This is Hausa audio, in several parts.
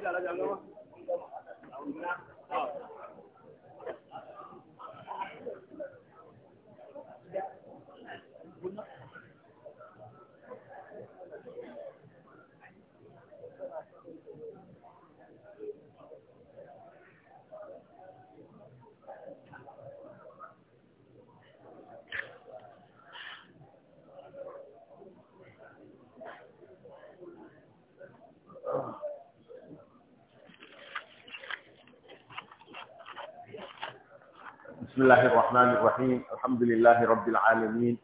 Ila بسم الله الرحمن الرحيم الحمد لله رب العالمين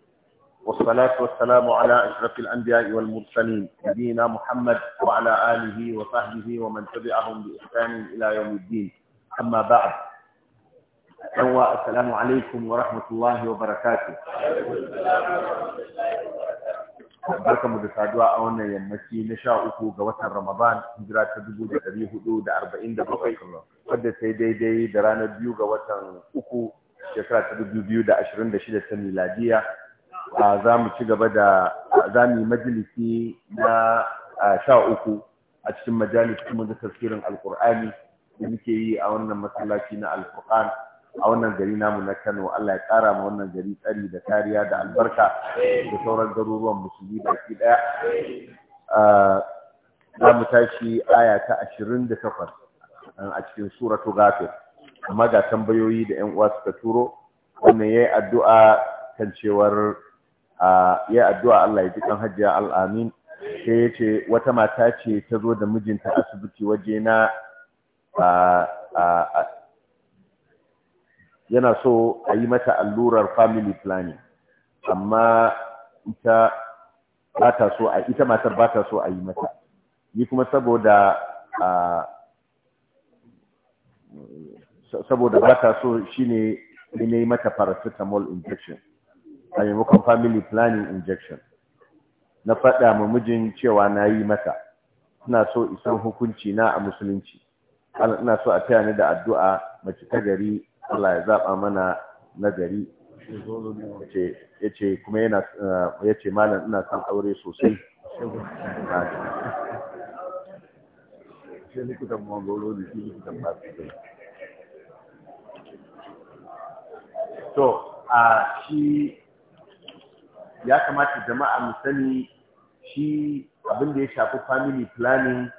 والصلاة والسلام على أشرف الأنبياء والمرسلين نبينا محمد وعلى آله وصحبه ومن تبعهم بإحسان إلى يوم الدين أما بعد السلام عليكم ورحمة الله وبركاته barka mu da saduwa a wannan yammaci na sha uku ga watan ramadan hijira ta dubu da ɗari hudu da arba'in da bakwai wadda sai daidai da ranar biyu ga watan uku shekara ta dubu biyu da ashirin da shida ta miladiya za mu ci gaba da za mu yi majalisi na sha uku a cikin majalis mu da tafsirin alkur'ani da muke yi a wannan masallaci na alkur'an a wannan gari namu na Kano Allah ya ƙara ma wannan gari tsari da kariya da albarka da sauran garuruwan musulmi baki ɗaya. Za mu tashi aya ta ashirin da takwas a cikin suratu ghafir amma ga tambayoyi da 'yan uwa suka turo wannan ya addu'a kan cewar ya addu'a Allah ya ji kan al-Amin? sai ya ce wata mata ce ta zo da mijinta asibiti waje na yana so a yi mata allurar family planning amma ita ba ta so a ita matar ba ta so a yi mata ni kuma saboda a saboda ba ta so shine ne ne mata paracetamol injection a maimakon family planning injection na faɗa ma mijin cewa na yi mata ina so isan hukunci na a musulunci ina so a taya ni da addu'a mace ta gari Allah ya zaba mana nagari ya ce kuma yana eh, ya ce malam ina son aure sosai to a shi ya kamata jama'a mu sani shi abin da ya shafi family planning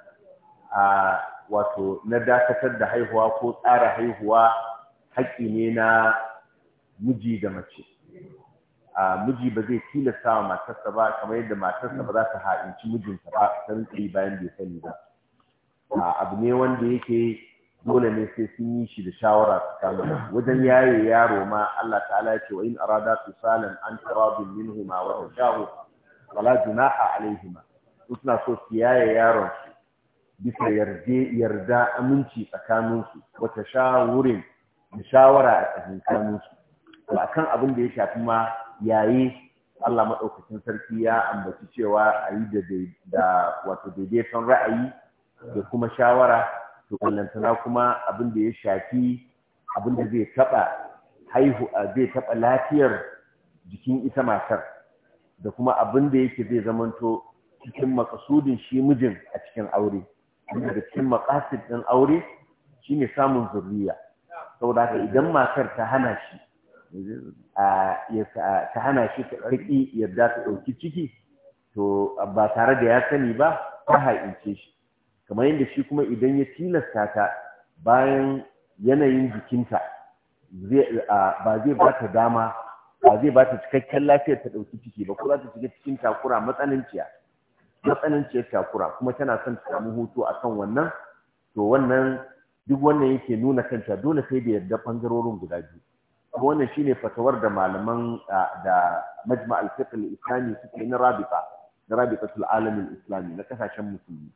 a wato na dakatar da haihuwa ko tsara haihuwa haƙƙi ne na miji da mace a miji ba zai tilasta wa matarsa ba kamar yadda matarsa ba za ta ha'inci mijinta ba ta rinƙi bayan bai sani ba abu ne wanda yake dole ne sai sun yi shi da shawara tsakanin wajen yaye yaro ma Allah ta'ala ya ce wa in arada tusalan an tarabin minhuma wa tashahu wala junaha alaihima suna so su yaye yaron su bisa yarda aminci tsakanin su wa tashawurin da shawara a tsakanin su to kan abin da ya shafi ma yayi Allah madaukakin sarki ya ambaci cewa a yi da wato daidaiton ra'ayi da kuma shawara to kallantana kuma abin da ya shafi abin da zai taba haihu zai taba lafiyar jikin ita matar da kuma abin da yake zai zamanto cikin makasudin shi mijin a cikin aure da cikin makasid ɗin aure shine samun zuriya saboda haka idan matar ta hana shi ta hana shi ta yadda ta ɗauki ciki to ba tare da ya sani ba ta ha'ince shi kamar yadda shi kuma idan ya tilasta ta bayan yanayin jikinta ba zai ba ta dama ba zai ba ta cikakken lafiyar ta ɗauki ciki ba ko za ta shiga cikin takura matsananciya matsananciyar takura kuma tana son ta samu hutu kan wannan to wannan duk wannan yake nuna kanta dole sai da yarda bangarorin guda biyu wannan shine fatawar da malaman da majma' al-fiqh al-islami suke na rabita na rabitatul alam al-islami na kasashen musulmi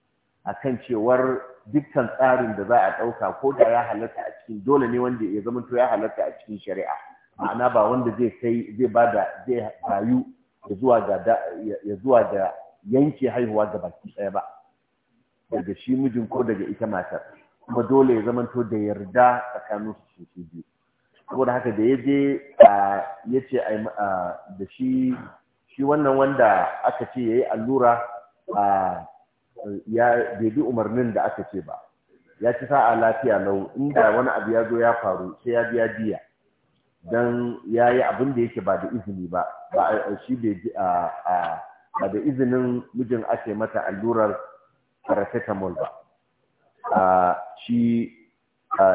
akan cewar dukkan tsarin da za a dauka ko da ya halatta a cikin dole ne wanda ya zama to ya halarta a cikin shari'a ma'ana ba wanda zai kai zai bada zai rayu ya zuwa ga ya zuwa ga yanke haihuwa ga baki ɗaya ba daga shi mijin ko daga ita matar kuma dole ya zamanto da yarda tsakanin su su biyu saboda haka da ya je ya ce da shi wannan wanda aka ce ya yi allura ya bai bi umarnin da aka ce ba ya ci sa'a lafiya lau inda wani abu ya zo ya faru sai ya biya biya don ya yi abin da yake ba da izini ba ba shi ba da izinin mijin ake mata allurar paracetamol ba shi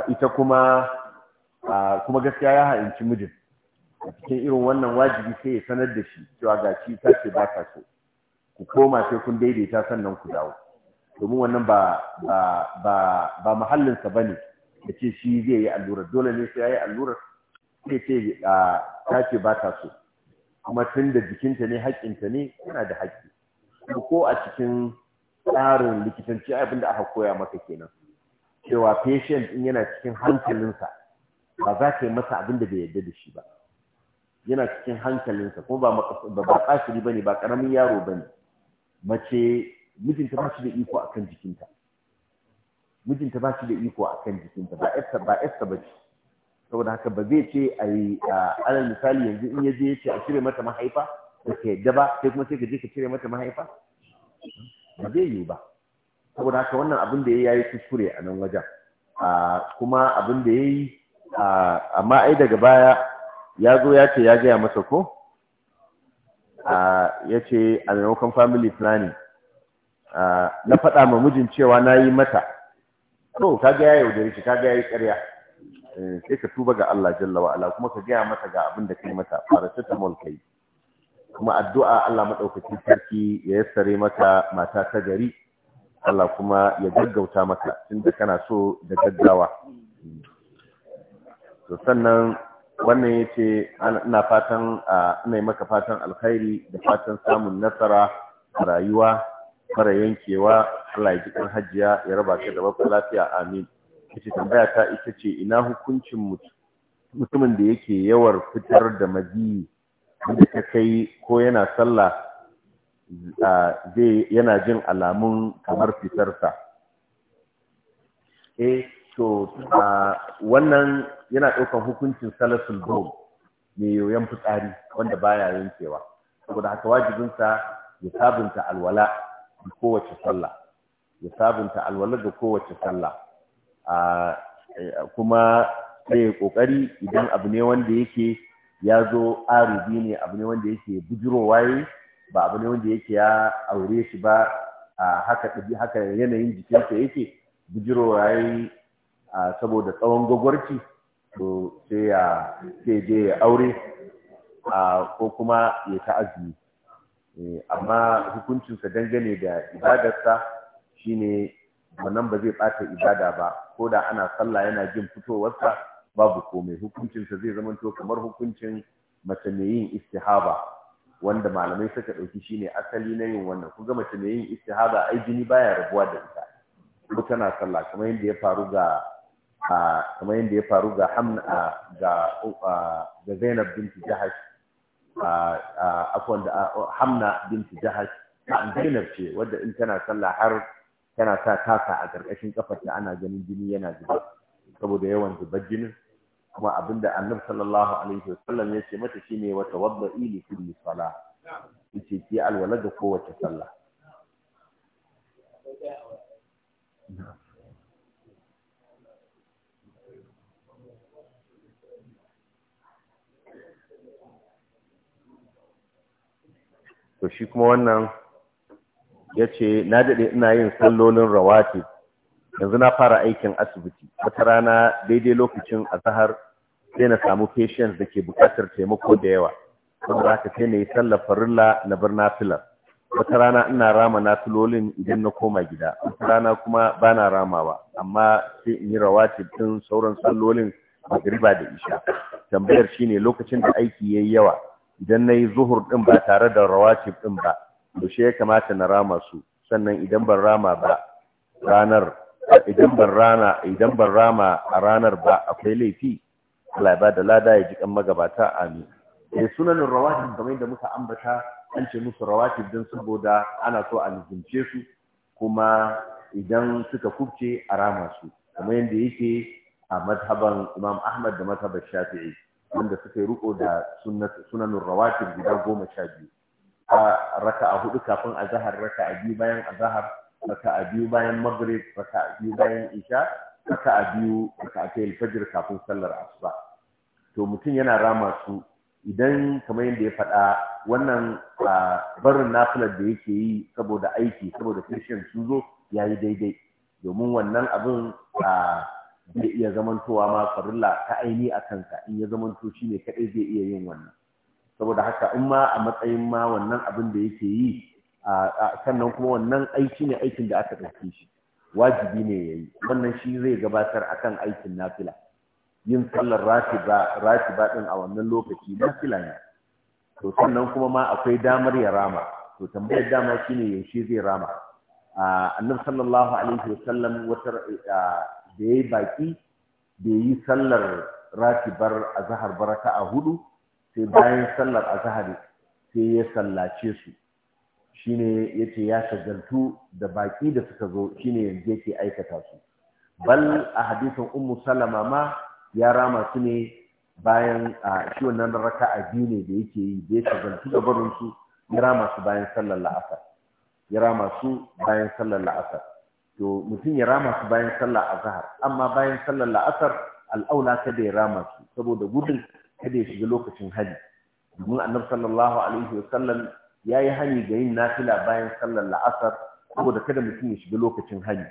ita kuma kuma gaskiya ya ha'inci mijin a cikin irin wannan wajibi sai ya sanar da shi cewa ga shi ta ce ba ta so ku koma sai kun daidaita sannan ku dawo domin wannan ba ba ba ba mahallinsa bane ya ce shi zai yi allurar dole ne sai ya yi allurar sai ce ta ce ba ta so kuma tun da jikinta ne haƙƙinta ne yana da haƙƙi ko a cikin tsarin likitanci abin da aka koya maka kenan cewa patient in yana cikin hankalinsa ba za ka yi masa abin da bai yarda da shi ba yana cikin hankalinsa kuma ba ba kasiri bane ba karamin yaro bane mace mijinta ba shi da iko akan jikinta mijinta ba shi da iko akan jikinta ba ba ba ba ba ce saboda haka ba zai ce a yi alal misali yanzu in ya je ya ce a cire mata mahaifa ba ka yadda ba sai kuma sai ka je ka cire mata mahaifa ba zai yi ba saboda haka wannan abin da ya yi kuskure a nan wajen kuma abin da ya yi amma ai daga baya ya zo ya ce ya gaya masa ko ya ce a maimakon family planning na faɗa ma mijin cewa na yi mata to ka gaya yau da shi ka gaya yi ƙarya eh, sai ka tuba ga Allah jalla ala kuma ka gaya mata ga abin da kai mata paracetamol kai kuma addu'a Allah maɗaukaki sarki ya yassare maka mata ta gari Allah kuma ya gaggauta maka tunda kana so da gaggawa to sannan wannan ya ce ina fatan ina maka fatan alkhairi da fatan samun nasara a rayuwa fara yankewa Allah ya ji hajiya ya raba ka da babbar lafiya amin kace tambaya ta ita ce ina hukuncin mutumin da yake yawar fitar da majiyi da ta kai ko yana sallah zai yana jin alamun kamar fitarsa eh to wannan yana ɗaukar hukuncin salasul dom mai yoyon fitsari wanda baya yankewa saboda haka wajibinsa ya sabunta alwala da kowace sallah ya sabunta alwala da kowace sallah kuma sai ya kokari idan abu ne wanda yake ya zo arubi ne abu ne wanda yake bujirowa yi ba abu ne wanda yake ya aure shi ba a haka haka yanayin jikinsa yake bujirowa yi saboda tsawon gwagwarci to sai ya ya aure ko kuma ya ta azumi eh, amma hukuncinsa dangane da ibadarsa shine wannan ba zai ɓata ibada ba ko da ana sallah yana jin fitowarsa babu komai hukuncinsa zai zamanto kamar hukuncin mace mai istihaba wanda malamai suka ɗauki shine asali na yin wannan kuga mace mai yin istihaba ai jini baya rabuwa da ita ko tana sallah kamar yadda ya faru ga kamar yadda ya faru ga hamna ga ga Zainab binti Jahash afwan da Hamna binti Jahash Zainab ce wadda in tana sallah har tana sa tasa a ƙarƙashin kafarta ana ganin jini yana zuba saboda yawan zubar jinin kuma abinda annabi sallallahu alaihi wasallam ya ce mata shine wa tawadda'i li kulli salah yace ki alwala da kowace sallah to shi kuma wannan yace na daɗe ina yin sallolin rawati yanzu na fara aikin asibiti wata rana daidai lokacin azahar sai na samu patients da ke bukatar taimako da yawa wanda ka sai na yi tallafar farilla na bar nafilar wata rana ina rama nafilolin idan na koma gida wata rana kuma ba na ramawa amma sai in yi rawatib ɗin sauran sallolin magriba da isha tambayar shine lokacin da aiki ya yi yawa idan na yi zuhur ɗin ba tare da rawatib ɗin ba yaushe ya kamata na rama su sannan idan ban rama ba ranar idan ban rama a ranar ba akwai laifi Allah ya bada lada ya ji kan magabata amin eh sunanin rawatib kamar yadda muka ambata an ce musu rawatib don saboda ana so a lizince su kuma idan suka kubce a rama su kamar yadda yake a madhaban Imam Ahmad da madhaban Shafi'i wanda suka yi riko da sunanin rawatib guda goma sha biyu a raka'a hudu kafin azahar raka'a biyu bayan azahar a biyu bayan maghrib a biyu bayan isha a biyu a ta fajr kafin sallar asuba to mutum yana rama su idan kamar yadda ya faɗa wannan barin nafilar da yake yi saboda aiki saboda christian sun zo ya yi daidai domin wannan abin zai iya zamantowa ma farilla ta aini a kansa in ya zamanto shi ne kaɗai zai iya yin wannan saboda haka in ma a matsayin ma wannan abin da yake yi sannan kuma wannan aiki ne aikin da aka ɗauke shi wajibi ne ya yi wannan shi zai gabatar akan aikin nafila yin sallar ratiba ratiba din a wannan lokaci na fila to sannan kuma ma akwai damar ya rama to tambayar dama shine yaushe zai rama annabi sallallahu alaihi wasallam wata da yayi baƙi da yi sallar ratibar azhar baraka a hudu sai bayan sallar zahar sai ya sallace su shine yace ya shagaltu da baƙi da suka zo shine yanzu yake aikata su bal a hadisin ummu salama ma Yara masu ne bayan a shi wannan raka'a biyu ne da yake yi da ya shagaltu da barinsu yara masu bayan sallar la'asar yara masu bayan sallar la'asar to mutum ya masu bayan sallar azahar amma bayan sallar la'asar al'aula kada ya rama su saboda gudun kada ya shiga lokacin hali domin annabi sallallahu alaihi sallam ya yi hani ga yin nafila bayan sallar la'asar saboda kada mutum ya shiga lokacin hali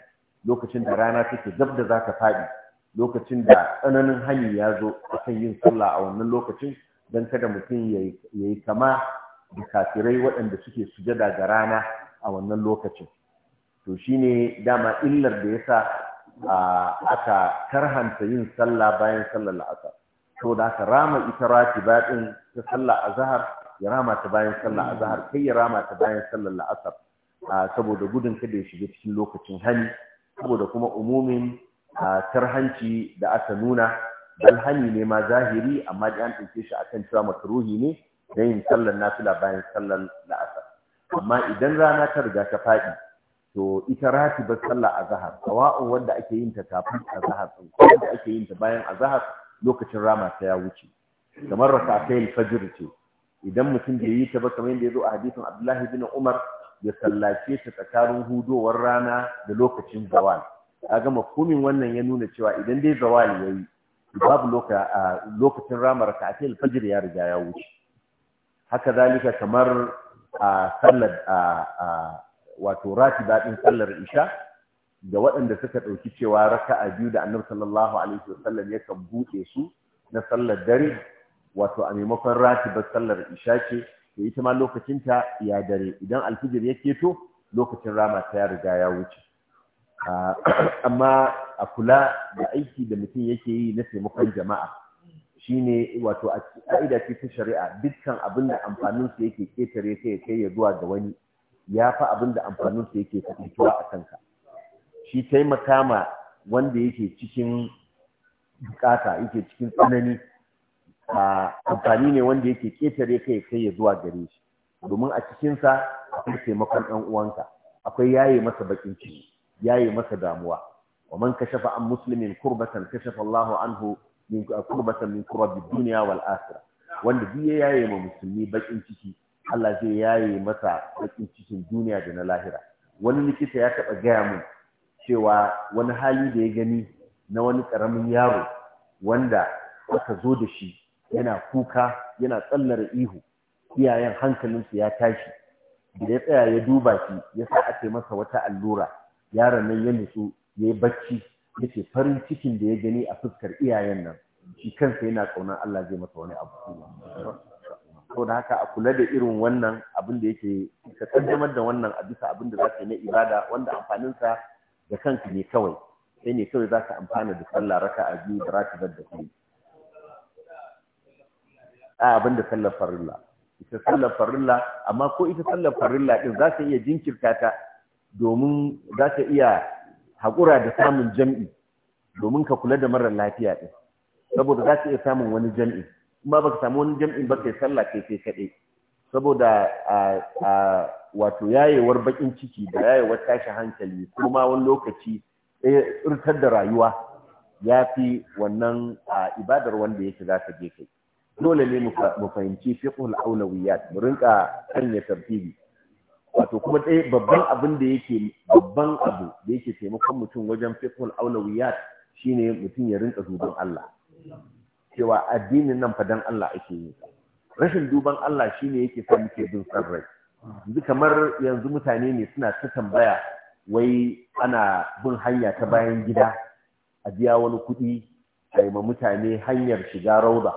lokacin da rana take gab da za ka faɗi lokacin da tsananin hali ya zo akan yin sallah a wannan lokacin don kada mutum ya yi kama da kafirai waɗanda suke sujada ga rana a wannan lokacin to shine dama illar da ya sa aka karhanta yin sallah bayan sallar la'asar to da aka rama ita ratiba ɗin ta sallah zahar, ya rama ta bayan sallah a zahar, kai ya rama ta bayan sallar la'asar saboda gudun kada ya shiga cikin lokacin hali saboda kuma umumin tarhanci da aka nuna bal ne ma zahiri amma da an ɗauke shi akan cewa makruhi ne na yin sallar nafila bayan sallar la'asar amma idan rana ta riga ta faɗi to ita ba sallah azhar sawa'un wanda ake yin ta kafin azhar din ko wanda ake yin ta bayan azahar lokacin rama ta ya wuce kamar rak'atayil fajr ce idan mutum bai yi ta ba kamar yadda ya zo a hadisin Abdullahi bin Umar ya sallace ta tsakanin hudowar rana da lokacin zawal ga mafhumin wannan ya nuna cewa idan dai zawali yi, babu lokacin ramar a ce alfajir ya riga ya wuce haka zalika kamar a sallar a wato ratiba ɗin sallar isha da waɗanda suka ɗauki cewa raka a biyu da annabi sallallahu alaihi wasallam ya kan buɗe su na sallar dare wato a maimakon ba sallar isha ce da ita ma lokacinta ya dare idan alfijir ya keto lokacin rama ta ya riga ya wuce amma a kula da aiki da mutum yake yi na taimakon jama'a shi ne wato a ƙa'ida ce ta shari'a dukkan abin da amfanin su yake ketare kai ya kai ya zuwa ga wani ya fa abin da amfanin su yake kasancewa a kanka shi taimaka ma wanda yake cikin bukata yake cikin tsanani a amfani ne wanda yake ƙetare kai kai ya zuwa gare shi domin a cikinsa akwai taimakon ɗan uwanka akwai yaye masa bakin ciki yayi masa damuwa wa man kashafa an muslimin kurbatan kashafa Allahu anhu min kurbatan min kurabi dunya wal akhirah wanda duk yayi ma musulmi bakin ciki Allah zai yaye masa bakin cikin duniya da na lahira wani likita ya taba gaya mun cewa wani hali da ya gani na wani karamin yaro wanda aka zo da shi yana kuka yana tsallar ihu iyayen hankalinsu ya tashi da ya tsaya ya duba shi ya sa ake masa wata allura yaron nan ya nutsu ya yi bacci ya ce farin cikin da ya gani a fuskar iyayen nan shi kansa yana ƙaunar Allah zai masa wani abu to da haka a kula da irin wannan abin da yake ka kaddamar da wannan a bisa abin da za ka yi na ibada wanda amfaninsa da kanka ne kawai sai ne kawai za ka amfana da sallah raka a biyu da raka da kai a abin da sallar farilla ita sallar farilla amma ko ita sallar farilla din za ka iya jinkirta ta domin za ta iya haƙura da samun jam'i domin ka kula da marar lafiya ɗin saboda za ta iya samun wani jam'i in ba ka samu wani jam'i ba kai sallah kai sai kaɗai saboda a wato yayewar baƙin ciki da yayewar tashi hankali kuma wani lokaci eh, tsirtar da rayuwa ya fi wannan ibadar wanda yake za ka je kai dole ne mu fahimci fiqhul aulawiyat mu rinka sanya tartibi wato kuma ɗaya babban abin da yake babban abu da yake taimakon mutum wajen fiqhul aulawiyat shine mutum ya rinka duban Allah cewa addinin nan fa dan Allah ake yi rashin duban Allah shine yake sa muke bin sarrai yanzu kamar yanzu mutane ne suna ta tambaya wai ana bin hanya ta bayan gida a biya wani kuɗi a yi ma mutane hanyar shiga rauda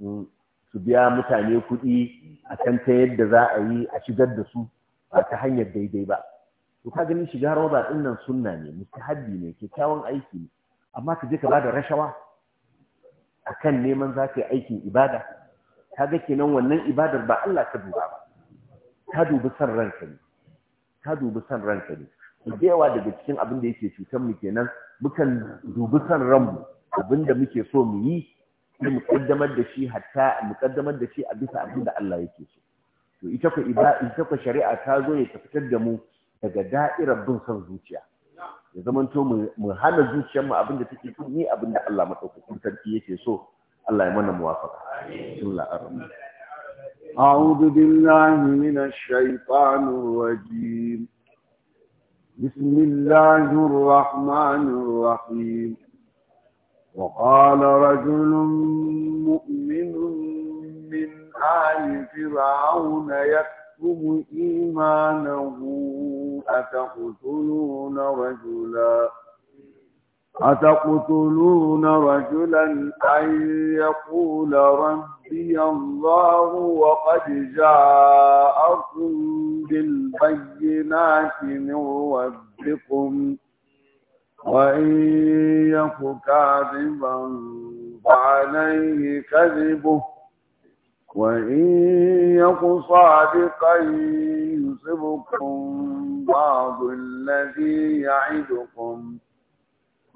hmm, su biya mutane kuɗi a kan ta yadda za a yi a shigar da su ba ta hanyar daidai ba to ka ganin shiga roba din nan sunna ne mustahabbi ne kyakkyawan aiki ne amma ka je ka bada rashawa A kan neman za ka yi aikin ibada ka ga kenan wannan ibadar ba Allah ka duba ba ka dubi san ranka ne ka dubi san ranka ne yawa daga cikin abin da yake cutar mu kenan mukan dubi san ranmu abin da muke so mu yi mu kaddamar da shi hatta mu kaddamar da shi a bisa abin da Allah yake so to ita ku ita ku shari'a ta zo ne ta fitar da mu daga da'irar bin son zuciya ya zamanto mu hana zuciyar mu abinda take so ni abinda Allah madaukakin sarki yake so Allah ya mana muwafaqa Allah arhamu أعوذ بالله من الشيطان الرجيم بسم الله الرحمن الرحيم وقال رجل مؤمن آل فرعون يكتم إيمانه أتقتلون رجلا أتقتلون رجلا أن يقول ربي الله وقد جاءكم بالبينات من ربكم وإن يك كاذبا فعليه كذبه وإن يق صادقا يصبكم بعض الذي يعدكم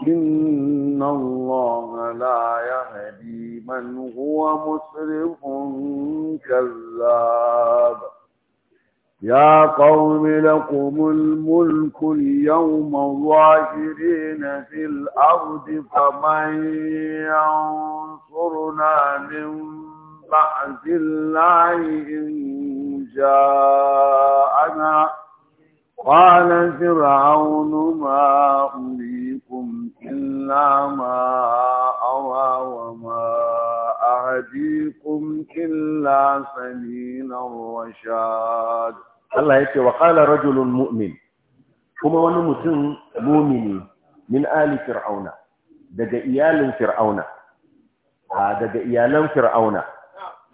إن الله لا يهدي من هو مسرف كذاب يا قوم لكم الملك اليوم ظاهرين في الأرض فمن ينصرنا من طاعة الله إن جاءنا قال فرعون ما أريكم إلا ما أرى وما أهديكم إلا سبيل الرشاد الله يكي وقال رجل مؤمن كما ونمتن مؤمنين min ali fir'auna daga iyalin fir'auna daga iyalan fir'auna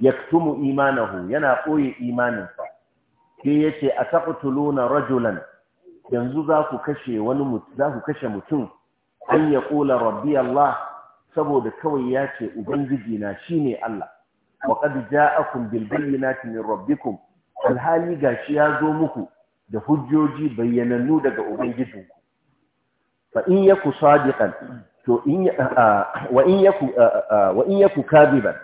yaktumu imanahu yana koye imaninsa sai yace ataqtuluna rajulan yanzu za ku kashe wani mutum za ku kashe mutum an ya kula rabbi Allah saboda kawai ya ce ubangiji na shine Allah wa a ja'akum bil bayyinati min rabbikum alhali gashi ya zo muku da hujjoji bayyanannu daga ubangijinku fa in yaku sadiqan to wa in yaku in yaku kadiban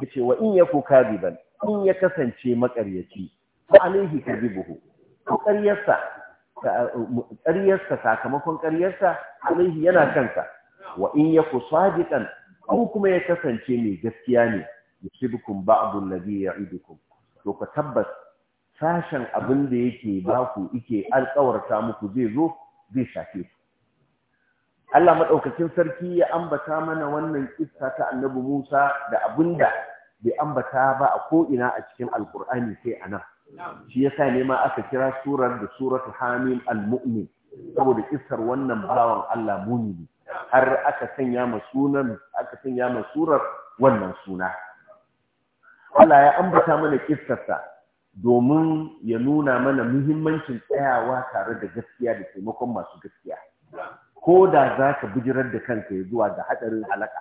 yace wa in kuka kadiban in ya kasance makaryaci fa alaihi kadibuhu ƙaryarsa ƙaryarsa sakamakon ƙaryarsa alaihi yana kansa wa in yaku sadiqan ko kuma ya kasance mai gaskiya ne yusibukum ba'du alladhi ya'idukum to ka tabbas sashen abin da yake ba ku yake alƙawarta muku zai zo zai shafe ku Allah maɗaukakin sarki ya ambata mana wannan kissa ta annabi Musa da abinda bai ambata ba a ko'ina a cikin alkur'ani sai a nan shi ya sa nema aka kira surar da suratu hamim al-mu'min saboda kissar wannan bawan Allah mumini har aka sanya ma sunan aka sanya ma surar wannan suna Allah ya ambata mana kissarsa domin ya nuna mana muhimmancin tsayawa tare da gaskiya da taimakon masu gaskiya ko da za ka bijirar da kanka ya zuwa ga hadarin halaka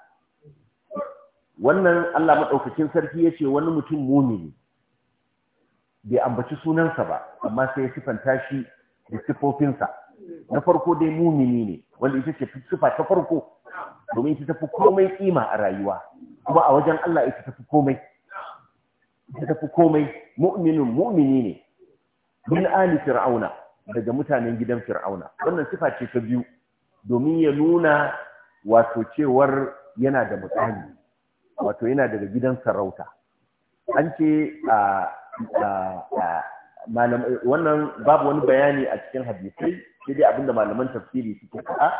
wannan Allah maɗaukacin sarki ya ce wani mutum mumini bai ambaci sunansa ba amma sai ya sifanta shi da sifofinsa na farko dai mumini ne wanda ita ce sifa ta farko domin ita tafi komai kima a rayuwa kuma a wajen Allah ita tafi komai ita tafi komai mu'minin mu'mini ne min ali fir'auna daga mutanen gidan fir'auna wannan sifa ce ta biyu domin ya nuna wato cewar yana da mutane wato yana daga gidan sarauta an ce wannan babu wani bayani a cikin hadisai sai dai abinda malaman tafsiri suke faɗa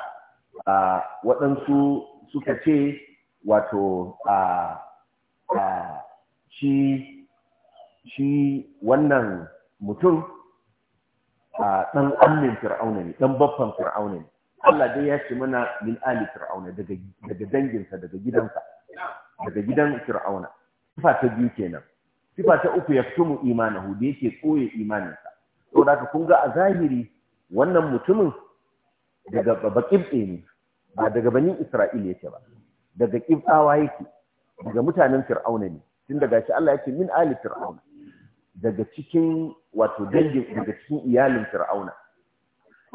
waɗansu suka ce wato shi shi wannan mutum a ɗan amin fir'auna ne ɗan baffan fir'auna ne Allah dai ya ce mana min ali fir'auna daga daga danginsa daga gidansa daga gidan fir'auna sifa ta biyu kenan sifa ta uku yaftumu imanahu da yake koye imaninsa to da ka kun ga a zahiri wannan mutumin daga kibbe ne ba daga banin Isra'ila yake ba daga ƙibɗawa yake daga mutanen fir'auna ne tun daga shi Allah ya min ali fir'auna daga cikin wato dangin daga cikin iyalin fir'auna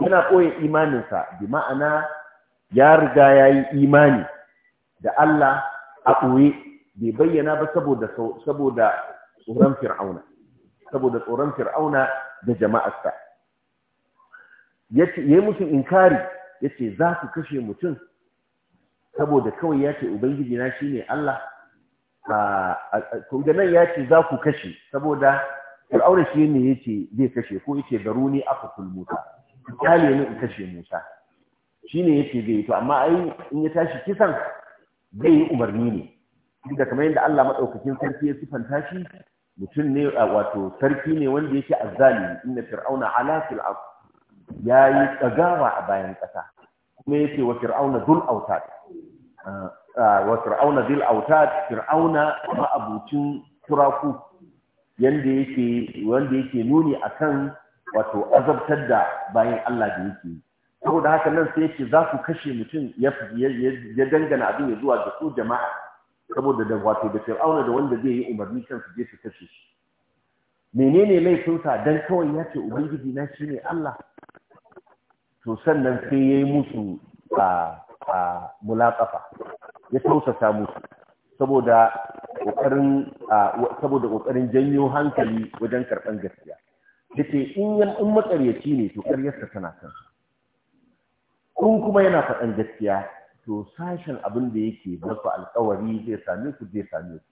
yana koya imaninsa bi ma'ana ya riga ya yi imani da Allah a ɓoye bai bayyana ba saboda saboda tsoron fir'auna saboda tsoron fir'auna da jama'arsa yace yayi musu inkari yace za su kashe mutum saboda kawai yace ubangiji na shine Allah da nan ya ce za ku kashe saboda fir'auna shi ne ya ce zai kashe ko ya ce garuni aka kulmuta ku kyale ni in kashe Musa Shi ne yake zai to amma ai in ya tashi kisan zai yi umarni ne duk da kamar yadda Allah maɗaukakin sarki ya sifanta shi mutum ne wato sarki ne wanda yake azzali inna fir'auna ala fil ard yayi tsagawa a bayan ƙasa, kuma yace wa fir'auna dhul autad wa fir'auna dil autad fir'auna ma'abucin turaku yanda yake wanda yake nuni akan wato azabtar da bayan Allah da yake yi saboda haka nan sai yake za su kashe mutum ya dangana abin ya zuwa da su jama'a saboda da wato da fir'auna da wanda zai yi umarni kan su je su kashe shi menene mai laifinsa dan kawai ya ce ubangiji na shine Allah to sannan sai yayi musu a a ya tausasa musu saboda ƙoƙarin janyo hankali wajen karɓar gaskiya da ce in matsaryaci ne to ƙaryarsa tana kan in kuma yana faɗan gaskiya to sashen abin da yake masu alkawari zai same ku zai same ku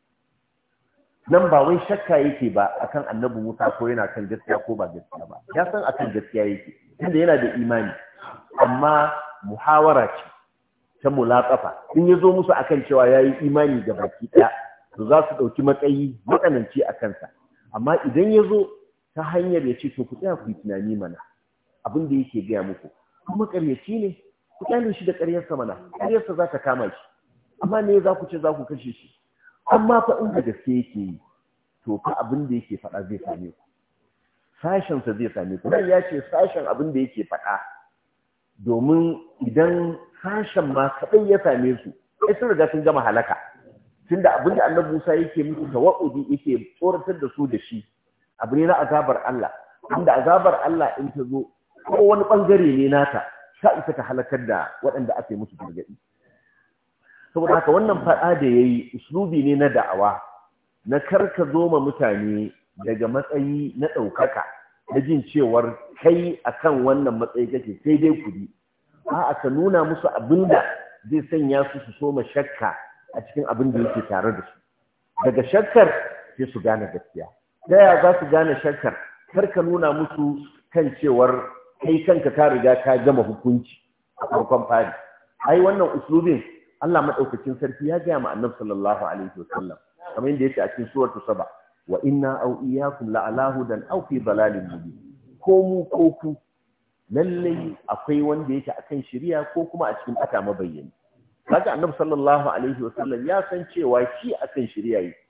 nan ba wai shakka yake ba akan annabi musa ko yana kan gaskiya ko ba gaskiya ba ya san akan gaskiya yake tunda yana da imani amma muhawara ce ta mulaƙafa in ya zo musu akan cewa ya yi imani ga baki ɗaya to za su ɗauki matsayi matsananci a kansa amma idan ya zo ta hanyar ya ce to ku tsaya ku tunani mana abin da yake gaya muku kuma ƙaryaci ne ku kyale shi da ƙaryarsa mana ƙaryarsa za ta kama shi amma ne za ku ce za ku kashe shi amma fa in da gaske yake yi to fa abin da yake faɗa zai same ku sashensa zai same ku nan ya ce sashen abin da yake faɗa domin idan sashen ma kaɗai ya same su ai sun riga sun gama halaka tunda abin da annabi Musa yake musu tawa'udi yake tsoratar da su da shi abu ne na azabar Allah inda azabar Allah in ta zo ko wani bangare ne nata sha isa ta halakar da waɗanda ake musu gargaɗi saboda haka wannan faɗa da yayi uslubi ne na da'awa na karka zo ma mutane daga matsayi na ɗaukaka na jin cewar kai akan wannan matsayi kake sai dai kudi a'a ka nuna musu abinda zai sanya su su soma shakka a cikin abin da yake tare da su daga shakkar sai su gane gaskiya da ya za su gane shakkar kar ka nuna musu kan cewar kai kanka ka riga ka gama hukunci a farkon fari ai wannan uslubin Allah madaukakin sarki ya gaya ma annabi sallallahu alaihi wasallam kamar yadda yake a cikin suratu saba wa inna au iyyakum la alahu dan au fi dalalin mubin ko mu ko ku lalle akwai wanda yake akan shari'a ko kuma a cikin aka mabayyana kaga annabi sallallahu alaihi wasallam ya san cewa shi akan shari'a yake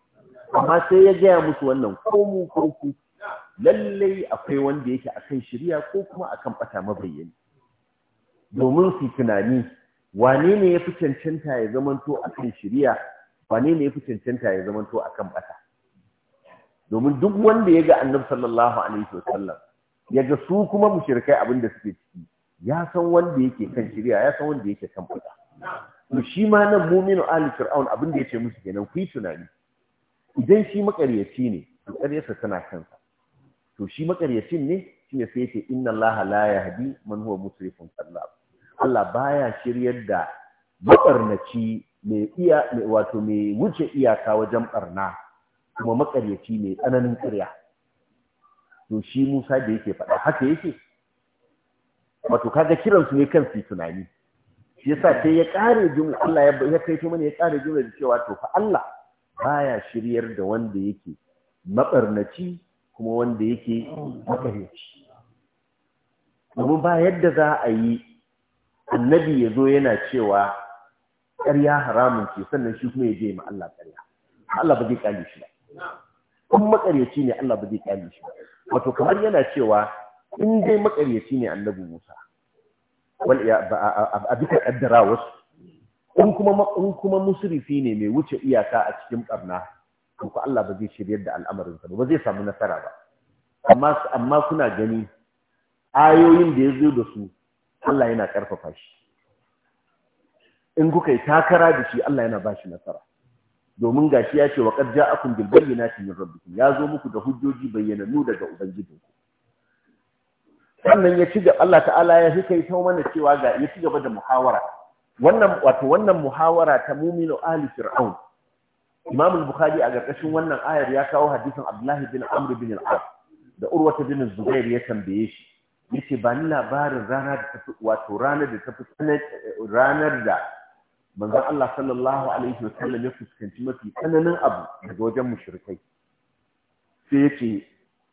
amma sai ya gaya musu wannan komu mu lallai akwai wanda yake akan shirya ko kuma akan bata mabayyani domin su tunani wane ne ya fi cancanta ya zamanto akan shirya wane ne ya fi cancanta ya zamanto akan bata domin duk wanda ya ga annabi sallallahu alaihi wa sallam, ya ga su kuma mushrikai abin da suke ciki ya san wanda yake kan shirya ya san wanda yake kan ɓata. to shi ma nan mu'minu ali fir'aun abin da yace musu kenan ku tunani idan shi makaryaci ne to tana kansa to shi makaryacin ne shi ne sai ce inna allaha la yahdi man huwa musrifun kallab Allah baya shiryar da mabarnaci mai iya wato mai wuce iyaka wajen barna kuma makaryaci mai tsananin ƙarya to shi Musa da yake faɗa haka yake wato kaga kiran su ne kan su tunani shi yasa sai ya ƙare jumla Allah ya kai to mana ya ƙare jumla da cewa to fa Allah baya shiryar da wanda yake maɓarnaci kuma wanda yake maɓarnaci domin ba yadda za a yi annabi ya zo yana cewa ƙarya haramun ce sannan shi kuma ya je ma Allah ƙarya Allah ba zai ƙale shi ba in maƙaryaci ne Allah ba zai ƙale shi ba wato kamar yana cewa in dai maƙaryaci ne annabi Musa wal a bisa addara wasu in kuma in kuma musrifi ne mai wuce iyaka a cikin barna to ku Allah ba zai shiryar da al'amarin sa ba zai samu nasara ba amma amma kuna gani ayoyin da yazo da su Allah yana karfafa shi in kuka yi takara da shi Allah yana ba shi nasara domin gashi ya ce wa qad ja'akum bil bayyinati min rabbikum ya zo muku da hujjoji bayyananu daga ubangijinku sannan ya ci Allah ta'ala ya hikaita mana cewa ga ya ci gaba da muhawara wannan wato wannan muhawara ta muminu ali fir'aun imam al-bukhari a garkashin wannan ayar ya kawo hadisin abdullahi bin amr bin al-as da urwata bin zubair ya tambaye shi yace ba ni labarin rana da ta wato ranar da ta ranar da manzon Allah sallallahu alaihi wa sallam ya fuskanci mafi tsananin abu daga wajen mushrikai sai yace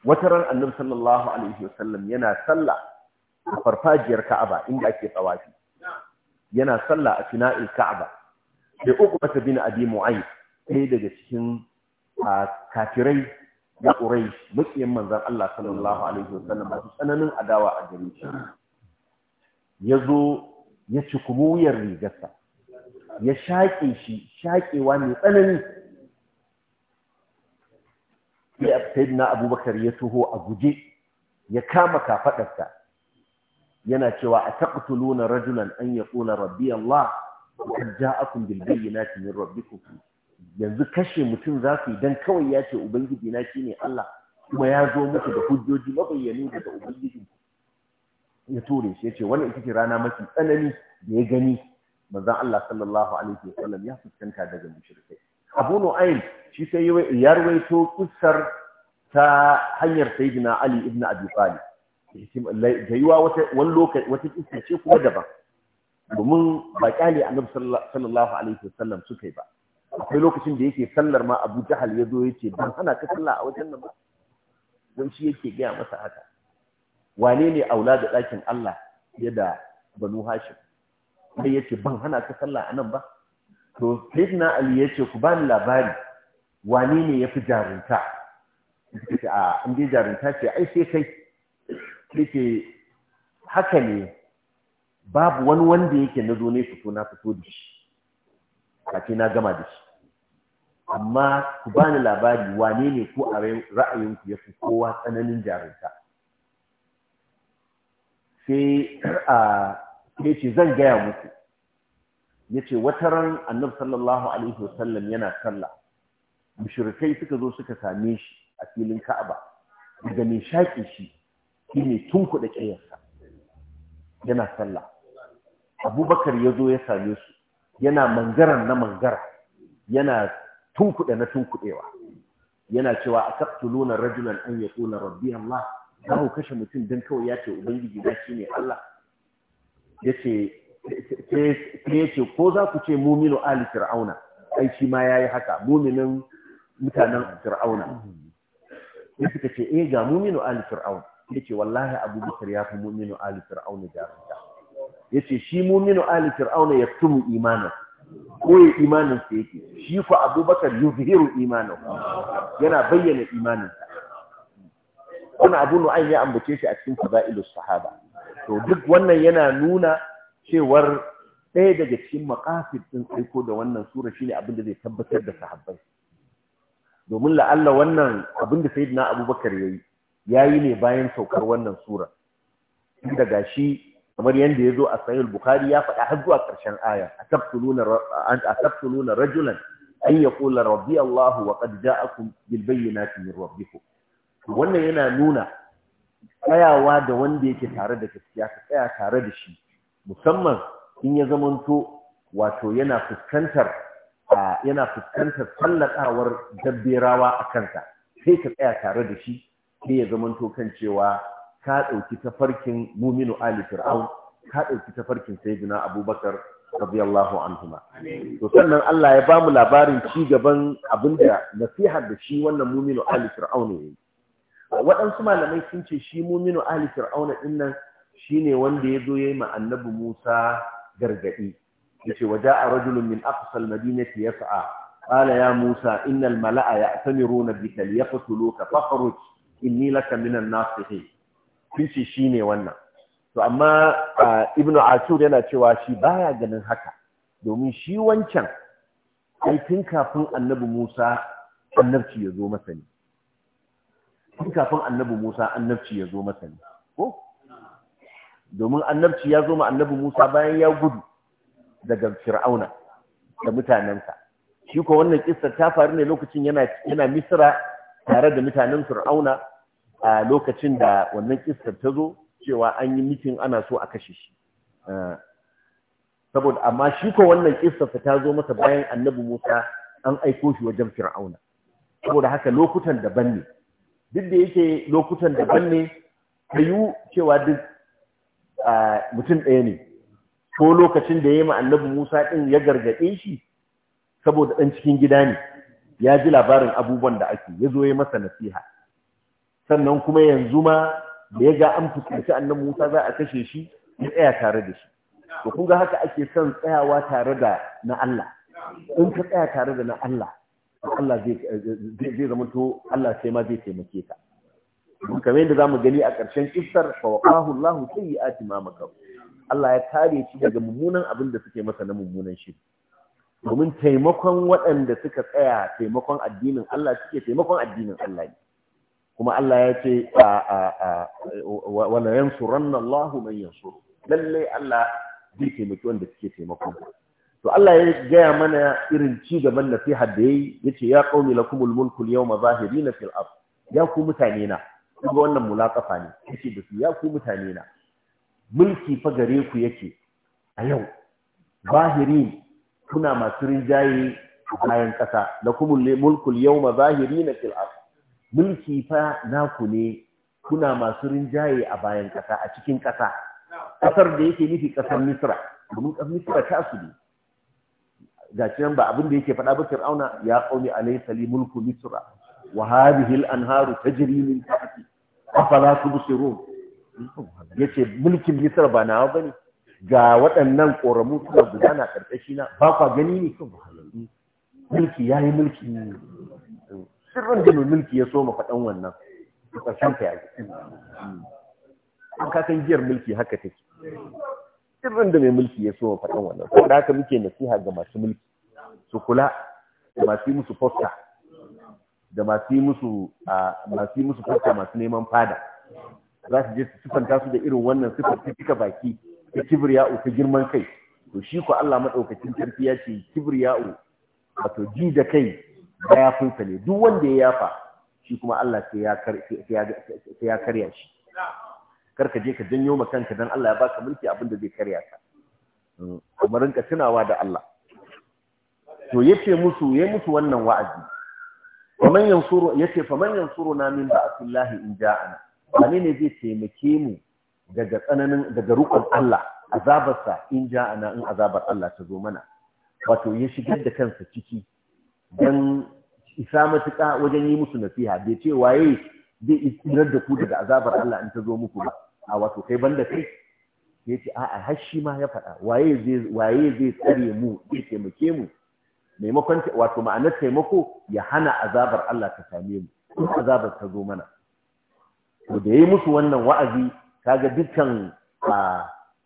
wata ran annabi sallallahu alaihi wa sallam yana sallah a farfajiyar Ka'aba inda ake tsawafi yana sallah a fina'il ka'aba da mata bin abi mu'ayyid ɗaya daga cikin kafirai na ƙurai maƙiyin manzan Allah sallallahu alaihi wasallam masu tsananin adawa a gare shi ya zo ya ci wuyar rigarsa ya shaƙe shi shaƙewa mai tsanani sai na abubakar ya tuho a guje ya kama kafaɗarsa yana cewa a taqtuluna rajulan an ya yaqula rabbi Allah qad ja'akum bil bayyinati min rabbikum yanzu kashe mutum za su yi dan kawai ya ce ubangiji na ne Allah kuma ya zo muku da hujjoji mabayyanu daga ubangiji ya ture shi yace wannan ita ce rana mafi tsanani da ya gani manzon Allah sallallahu alaihi wasallam ya fuskanta daga mushrikai Abu Nu'aym shi sai ya rawaito kissar ta hanyar Sayyidina Ali ibn Abi Talib jayuwa wani lokaci wata iska ce kuma daban domin ba kyale annabi sallallahu alaihi wasallam suka yi ba akwai lokacin da yake sallar ma abu jahal ya zo ya ce ban hana ka sallah a wajen nan ba don shi yake gaya masa haka wane ne aula da ɗakin Allah fiye da banu hashim sai ya ce ban hana ka sallah a nan ba to sayyidina ali ya ce ku bani labari wane ne ya fi jarunta a in dai jarunta ce ai sai kai yake haka ne babu wani wanda yake na zo ne fito na fito da shi kake na gama da shi amma ku bani labari wane ne ko a ra'ayinku ya fi kowa tsananin jarinta sai a ya ce zan gaya muku ya ce ran annab sallallahu alaihi wasallam yana sallah mushrikai suka zo suka same shi a filin ka'aba daga mai shaƙe shi shi ne tun kuɗa ƙiyarsa yana sallah abubakar ya zo ya same su yana mangaran na mangara yana tun kuɗa na tun kuɗewa yana cewa a taktuluna rajulan an ya tsona rabbi Allah za ku kashe mutum don kawai ya ce ubangiji na shi ne Allah ya ce sai yace ko za ku ce muminu ali fir'auna ai shi ma ya yi haka muminin mutanen fir'auna ya suka ce eh ga muminu ali fir'auna yace wallahi abubakar ya fi mu'minu ali fir'auna jarumta yace shi mu'minu ali fir'auna yaktumu imana ko ya imanin sa yake shi fa abubakar yuzhiru yana bayyana imanin sa wannan abu an ya ambace shi a cikin fada'ilus sahaba to duk wannan yana nuna cewar ɗaya daga cikin makasid ɗin aiko da wannan sura shine abin da zai tabbatar da sahabbai domin la'alla wannan abin da na abubakar yayi ya yi ne bayan saukar wannan sura inda ga shi kamar yadda ya zo a sahih bukhari ya faɗa har zuwa ƙarshen aya ataqtuluna rajulan an yaqula rabbi Allahu wa qad ja'akum bil bayyinati min rabbikum wannan yana nuna tsayawa da wanda yake tare da gaskiya ka tsaya tare da shi musamman in ya zamanto wato yana fuskantar yana fuskantar sallatawar dabberawa a kansa sai ka tsaya tare da shi sai ya zama to kan cewa ka ɗauki tafarkin muminu ali fir'aun ka ɗauki tafarkin sayyidina abubakar radiyallahu anhuma to sannan Allah ya bamu labarin ci gaban abinda nasihar da shi wannan muminu ali fir'aun ne waɗansu malamai sun ce shi muminu ali fir'aun din nan shine wanda ya zo yayi ma annabi Musa gargadi yace waja'a rajulun min aqsa madinati yas'a قال يا موسى إن الملأ يأتمرون بك ليقتلوك فاخرج inni laka minan nasihi kun shine wannan to amma ibnu atur yana cewa shi baya ganin haka domin shi wancan ai tun kafin annabi Musa annabci ya zo masa ne tun kafin annabi Musa annabci ya zo masa ne ko domin annabci ya zo ma annabi Musa bayan ya gudu daga Fir'auna da mutanensa shi ko wannan kissa ta faru ne lokacin yana yana Misra tare da mutanen Fir'auna a lokacin da wannan kistar ta zo cewa an yi mitin ana so a kashe shi saboda amma shi ko wannan kistar ta zo masa bayan annabi Musa an aiko shi wajen Fir'auna saboda haka lokutan daban ne duk da yake lokutan daban ne kayu cewa duk mutum ɗaya ne ko lokacin da ya yi annabi Musa ɗin ya gargaɗe shi saboda ɗan cikin gida ne ya ji labarin abubuwan da ake ya zo ya masa nasiha sannan kuma yanzu ma da ya ga an fuskanci annan Musa za a kashe shi ya tsaya tare da shi to kun ga haka ake son tsayawa tare da na Allah in ka tsaya tare da na Allah Allah zai zama to Allah sai ma zai taimake ka kamar yadda zamu gani a ƙarshen kissar fa waqahu Allah sayyi'ati ma makaw Allah ya tare shi daga mummunan abin da suke masa na mummunan shi domin taimakon waɗanda suka tsaya taimakon addinin Allah suke taimakon addinin Allah ne kuma Allah ya ce a wala yansuranna Lahu man yansuru lalle Allah zai taimaki wanda suke taimakon to Allah ya gaya mana irin ci gaban nasihar da yayi yace ya qaumi lakumul mulku al-yawma zahirina fil ard ya ku mutane na kuma wannan mulaƙafa ne ce da su ya ku mutane na mulki fa gare ku yake a yau zahiri kuna masu rinjaye bayan kasa lakumul mulku al-yawma zahirina fil ard mulki fa naku ne kuna masu rinjaye a bayan ƙasa a cikin ƙasa ƙasar da yake nufi ƙasar misra domin ƙasar misra ta su ne ga nan ba abin da yake faɗa ba fir'auna ya qaumi alai sali mulku misra wa hadhihi al-anharu tajri min tahti afala tubsirun yace mulkin misra ba nawa bane ga waɗannan ƙoramu suna gudana ƙarƙashi na ba kwa gani ne mulki yayi mulki ne. sirrin da mai mulki ya so ma faɗan wannan ƙarshen ta yaƙi an kasan giyar mulki haka take sirrin da mai mulki ya so ma faɗan wannan ko da haka muke nasiha ga masu mulki su kula da masu yi musu fosta da masu yi musu masu yi musu fosta masu neman fada za su je su sifanta su da irin wannan sifar ta cika baki ta kibriya'u ta girman kai to shi ku Allah madaukakin sarki ya ce kibriya'u wato ji da kai bayafinsa ne duk wanda ya yafa shi kuma Allah sai ya karya shi karka je ka janyo ma kanka dan Allah ya baka mulki abin da zai karya ka kuma rinka tunawa da Allah to yace musu yayi musu wannan wa'azi faman yansuru yace faman yansuruna min ba'atillahi in ja'ana wani ne zai taimake mu daga tsananin daga rukun Allah azabarsa in ja'ana in azabar Allah ta zo mana wato ya shigar da kansa ciki dan isa matuƙa wajen yi musu nasiha bai ce waye zai isinar da ku daga azabar Allah in ta zo muku ba a wato kai da kai ya ce a'a har shi ma ya faɗa waye zai tsare mu zai taimake mu maimakon wato ma'anar taimako ya hana azabar Allah ta same mu in azabar ta zo mana to da yayi musu wannan wa'azi kaga dukkan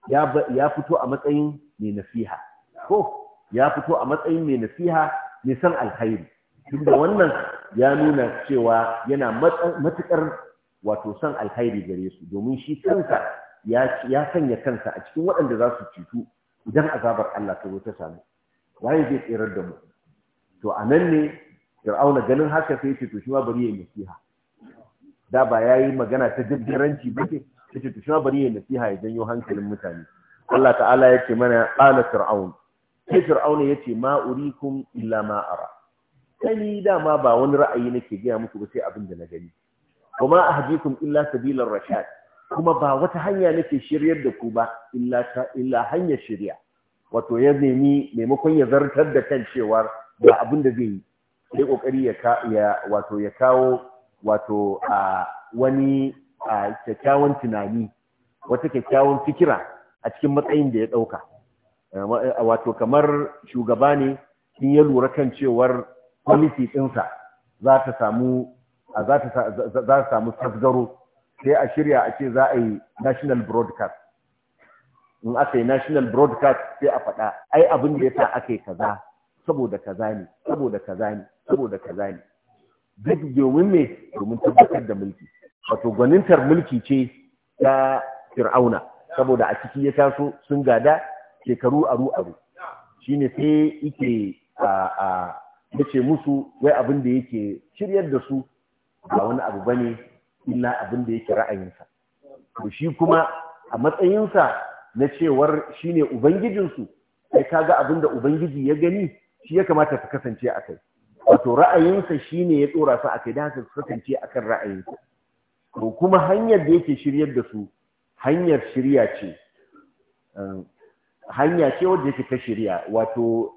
ya ya fito a matsayin mai nasiha ko ya fito a matsayin mai nasiha mai san alkhairi inda wannan ya nuna cewa yana matukar wato son alkhairi gare su domin shi kansa ya sanya kansa a cikin waɗanda za su citu idan azabar Allah ta zo ta samu waye zai tsirar da mu to a nan ne fir'auna ganin haka sai ce to shi ma bari ya nasiha da ba yayi magana ta jibbiranci ba ke ce to shi ma bari ya nasiha ya janyo hankalin mutane Allah ta'ala yake mana qala fir'aun sai fir'auna yace ma urikum illa ma ara sani dama ba wani ra'ayi nake gaya muku ba sai abin da na gani kuma ahdikum illa sabilar rashad kuma ba wata hanya nake shiryar da ku ba illa ta illa hanyar shirya wato ya nemi maimakon ya zartar da kan cewa ba abin da zai yi sai kokari ya ya wato ya kawo wato a wani kyakkyawan tunani wata kyakkyawan fikira a cikin matsayin da ya dauka wato kamar shugaba ne in ya lura kan cewar kwamiti ɗinsa za ta samu za ta samu tasgaro sai a shirya a ce za a yi national broadcast in aka yi national broadcast sai a faɗa ai abin da ya sa aka yi kaza saboda kaza ne saboda kaza ne saboda kaza ne duk domin ne domin tabbatar da mulki wato gwanintar mulki ce ta fir'auna saboda a ciki ya taso sun gada shekaru aru aru shine sai yake a nace musu wai abin da yake shiryar da su ba wani abu bane illa abin da yake ra'ayinsa to shi kuma a matsayinsa na cewar shine ubangijinsu sai kaga abin da ubangiji ya gani shi ya kamata su kasance a kai wato ra'ayinsa shine ya tsora su a kai dan haka su kasance a akan ra'ayinsa to kuma hanyar da yake shiryar da su hanyar shirya ce hanya ce wadda yake ta shirya, wato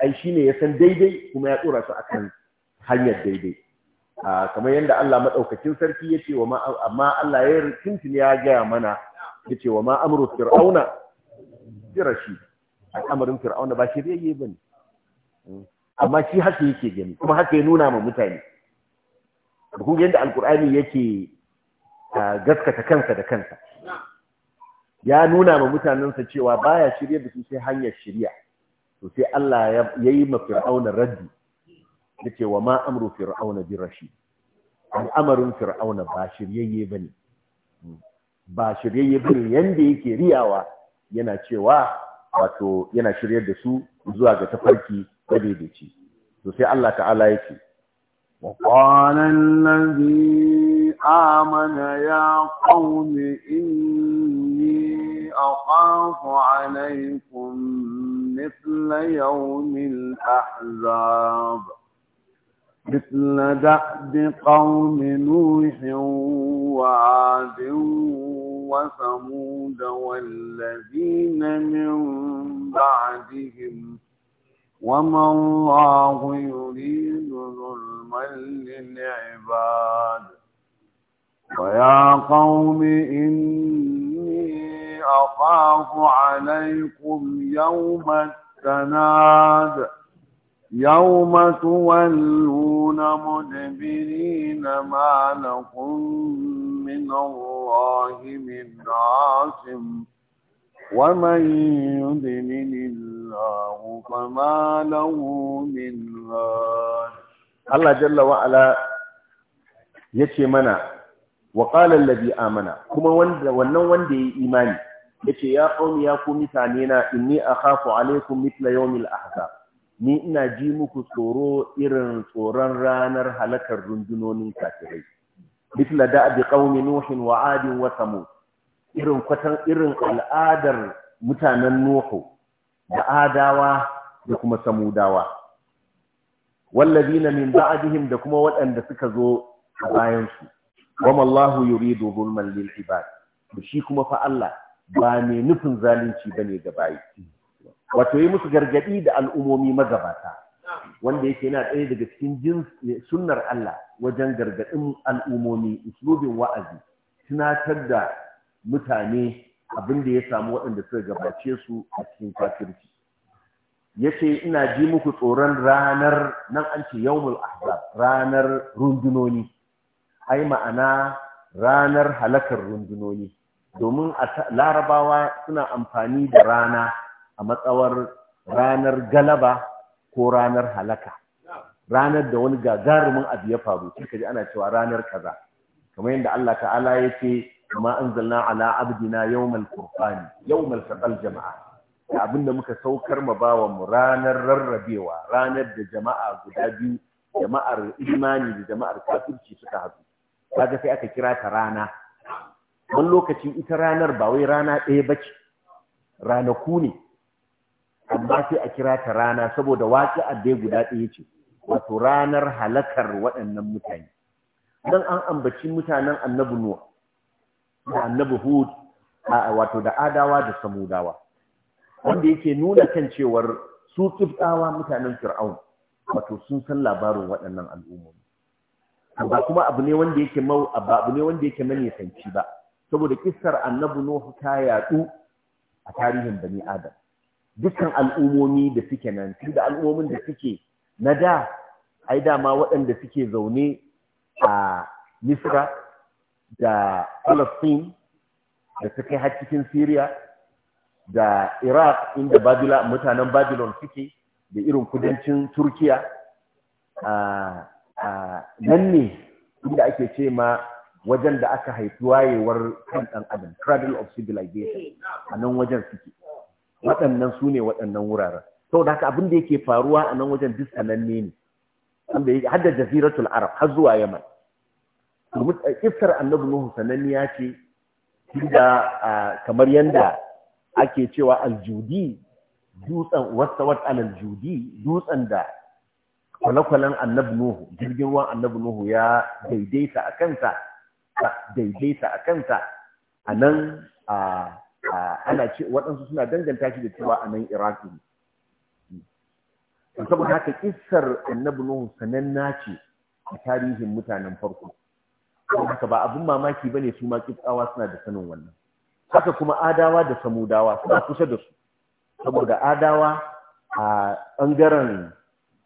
ai shi ne ya san daidai kuma ya tsora su akan hanyar daidai kamar yadda Allah maɗaukacin sarki ce wa amma Allah ya tuntuni ya gaya mana ce wa ma amru fir'auna a al'amarin fir'auna ba ba ne. amma shi haka yake gani kuma haka ya nuna ma mutane kuma yadda alkur'ani yake gaskata kansa da kansa ya nuna ma mutanensa cewa baya shirye da su sai hanyar shirya to sai Allah ya yi ma fir'auna raddi ya ce wa ma amru fir'auna bi rashid al'amarin fir'auna ba shiryayye bane ba shiryayye bane yanda yake riyawa yana cewa wato yana shiryar da su zuwa ga tafarki daidaici to sai Allah ta'ala ya ce وقال الذي آمن يا قوم أخاف عليكم مثل يوم الأحزاب مثل دأب قوم نوح وعاد وثمود والذين من بعدهم وما الله يريد ظلما للعباد ويا قوم إن أخاف عليكم يوم التناد يوم تولون مدبرين ما لكم من الله من عاصم ومن يدلل الله فما له من هاد الله جل وعلا يتي منا وقال الذي آمنا كما wannan wanda ya imani yace ya qaumi ya ku mutane na inni akhafu alaikum mithla yawmil ahzab ni ina ji muku tsoro irin tsoron ranar halakar rundunonin kafirai mithla da'bi qaumi nuhin wa 'adin wa irin kwatan irin al'adar mutanen nuhu da adawa da kuma samudawa wallazina min ba'dihim da kuma waɗanda suka zo a bayan su wama Allahu yuridu zulman lil ibad shi kuma fa Allah ba mai nufin zalunci ba ne gabayi wato yi musu gargaɗi da al'umomi magabata wanda yake yana ɗaya daga cikin jin sunnar Allah wajen gargaɗin al'umomi uslubin wa'azi tunatar da mutane abin da ya samu waɗanda suka gabace su a cikin Ya ce ina ji muku tsoron ranar nan an ce yawmul ahzab ranar rundunoni ai ma'ana ranar halakar rundunoni domin larabawa suna amfani da rana a matsawar ranar galaba ko ranar halaka ranar da wani gagarumin abu ya faru suka ji ana cewa ranar kaza kamar yadda Allah ta'ala ya ce ma anzalna ala abdina yawmal furqan yawmal taqal jama'a da abinda muka saukar ma bawa mu ranar rarrabewa ranar da jama'a guda biyu jama'ar imani da jama'ar kafirci suka haɗu kaga sai aka kira ta rana wani lokaci ita ranar ba wai rana ɗaya ba ce ranaku ne amma sai a kira ta rana saboda waƙi dai guda ɗaya ce wato ranar halakar waɗannan mutane don an ambaci mutanen annabi nuwa da annabi hud wato da adawa da samudawa wanda yake nuna kan cewar su kiftawa mutanen fir'aun wato sun san labarin waɗannan al'ummomi ba kuma abu ne wanda yake mau abu ne ba saboda kissar annabi nuhu ta yatsu a tarihin bani adam dukkan al'umomi da suke nan tun da al'umomin da suke na da ai ma waɗanda suke zaune a misra da palestine da suke har cikin syria da iraq inda mutanen babylon suke da irin kudancin turkiya nan ne inda ake ce ma wajen da aka haifi wayewar kan ɗan adam cradle of civilization a nan wajen suke waɗannan su ne waɗannan wuraren saboda haka abin da yake faruwa a nan wajen duk sananne ne wanda yake hadda jaziratul arab har zuwa yaman eh, kissar annabi nuhu sananniya ce da kamar yanda ake cewa aljudi dutsen wasawat aljudi dutsen da kwale-kwalen annabi nuhu jirgin ruwan annabi nuhu ya daidaita a kansa daidaita a kansa a nan ana ce waɗansu suna danganta shi da cewa a nan iraki saboda haka kissar annabi nuhu sananna ce a tarihin mutanen farko haka ba abin mamaki bane su ma kitsawa suna da sanin wannan haka kuma adawa da samudawa suna kusa da su saboda adawa a bangaren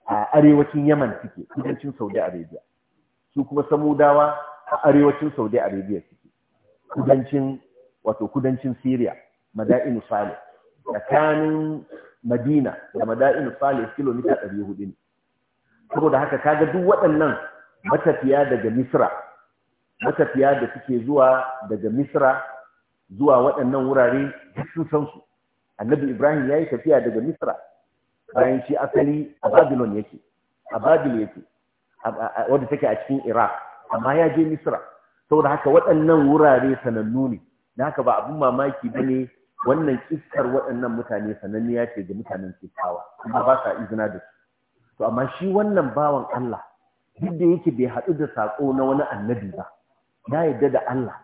arewacin yaman suke kudancin saudi arabia su kuma samudawa a arewacin saudi arabia suke kudancin wato kudancin syria mada'inu salih tsakanin madina da Mada'in salih kilomita 400 ne saboda haka kaga duk waɗannan matafiya daga misra matafiya da suke zuwa daga misra zuwa waɗannan wurare sun san su annabi ibrahim ya yi tafiya daga misra bayan shi asali a babylon yake a Babylon yake wadda take a cikin iraq amma ya je misra saboda haka waɗannan wurare sanannu ne na haka ba abin mamaki ba ne wannan iskar waɗannan mutane sananniya ce ga mutanen kyakkyawa kuma ba sa izina da su to amma shi wannan bawan Allah duk da yake bai haɗu da saƙo na wani annabi ba ya yadda da Allah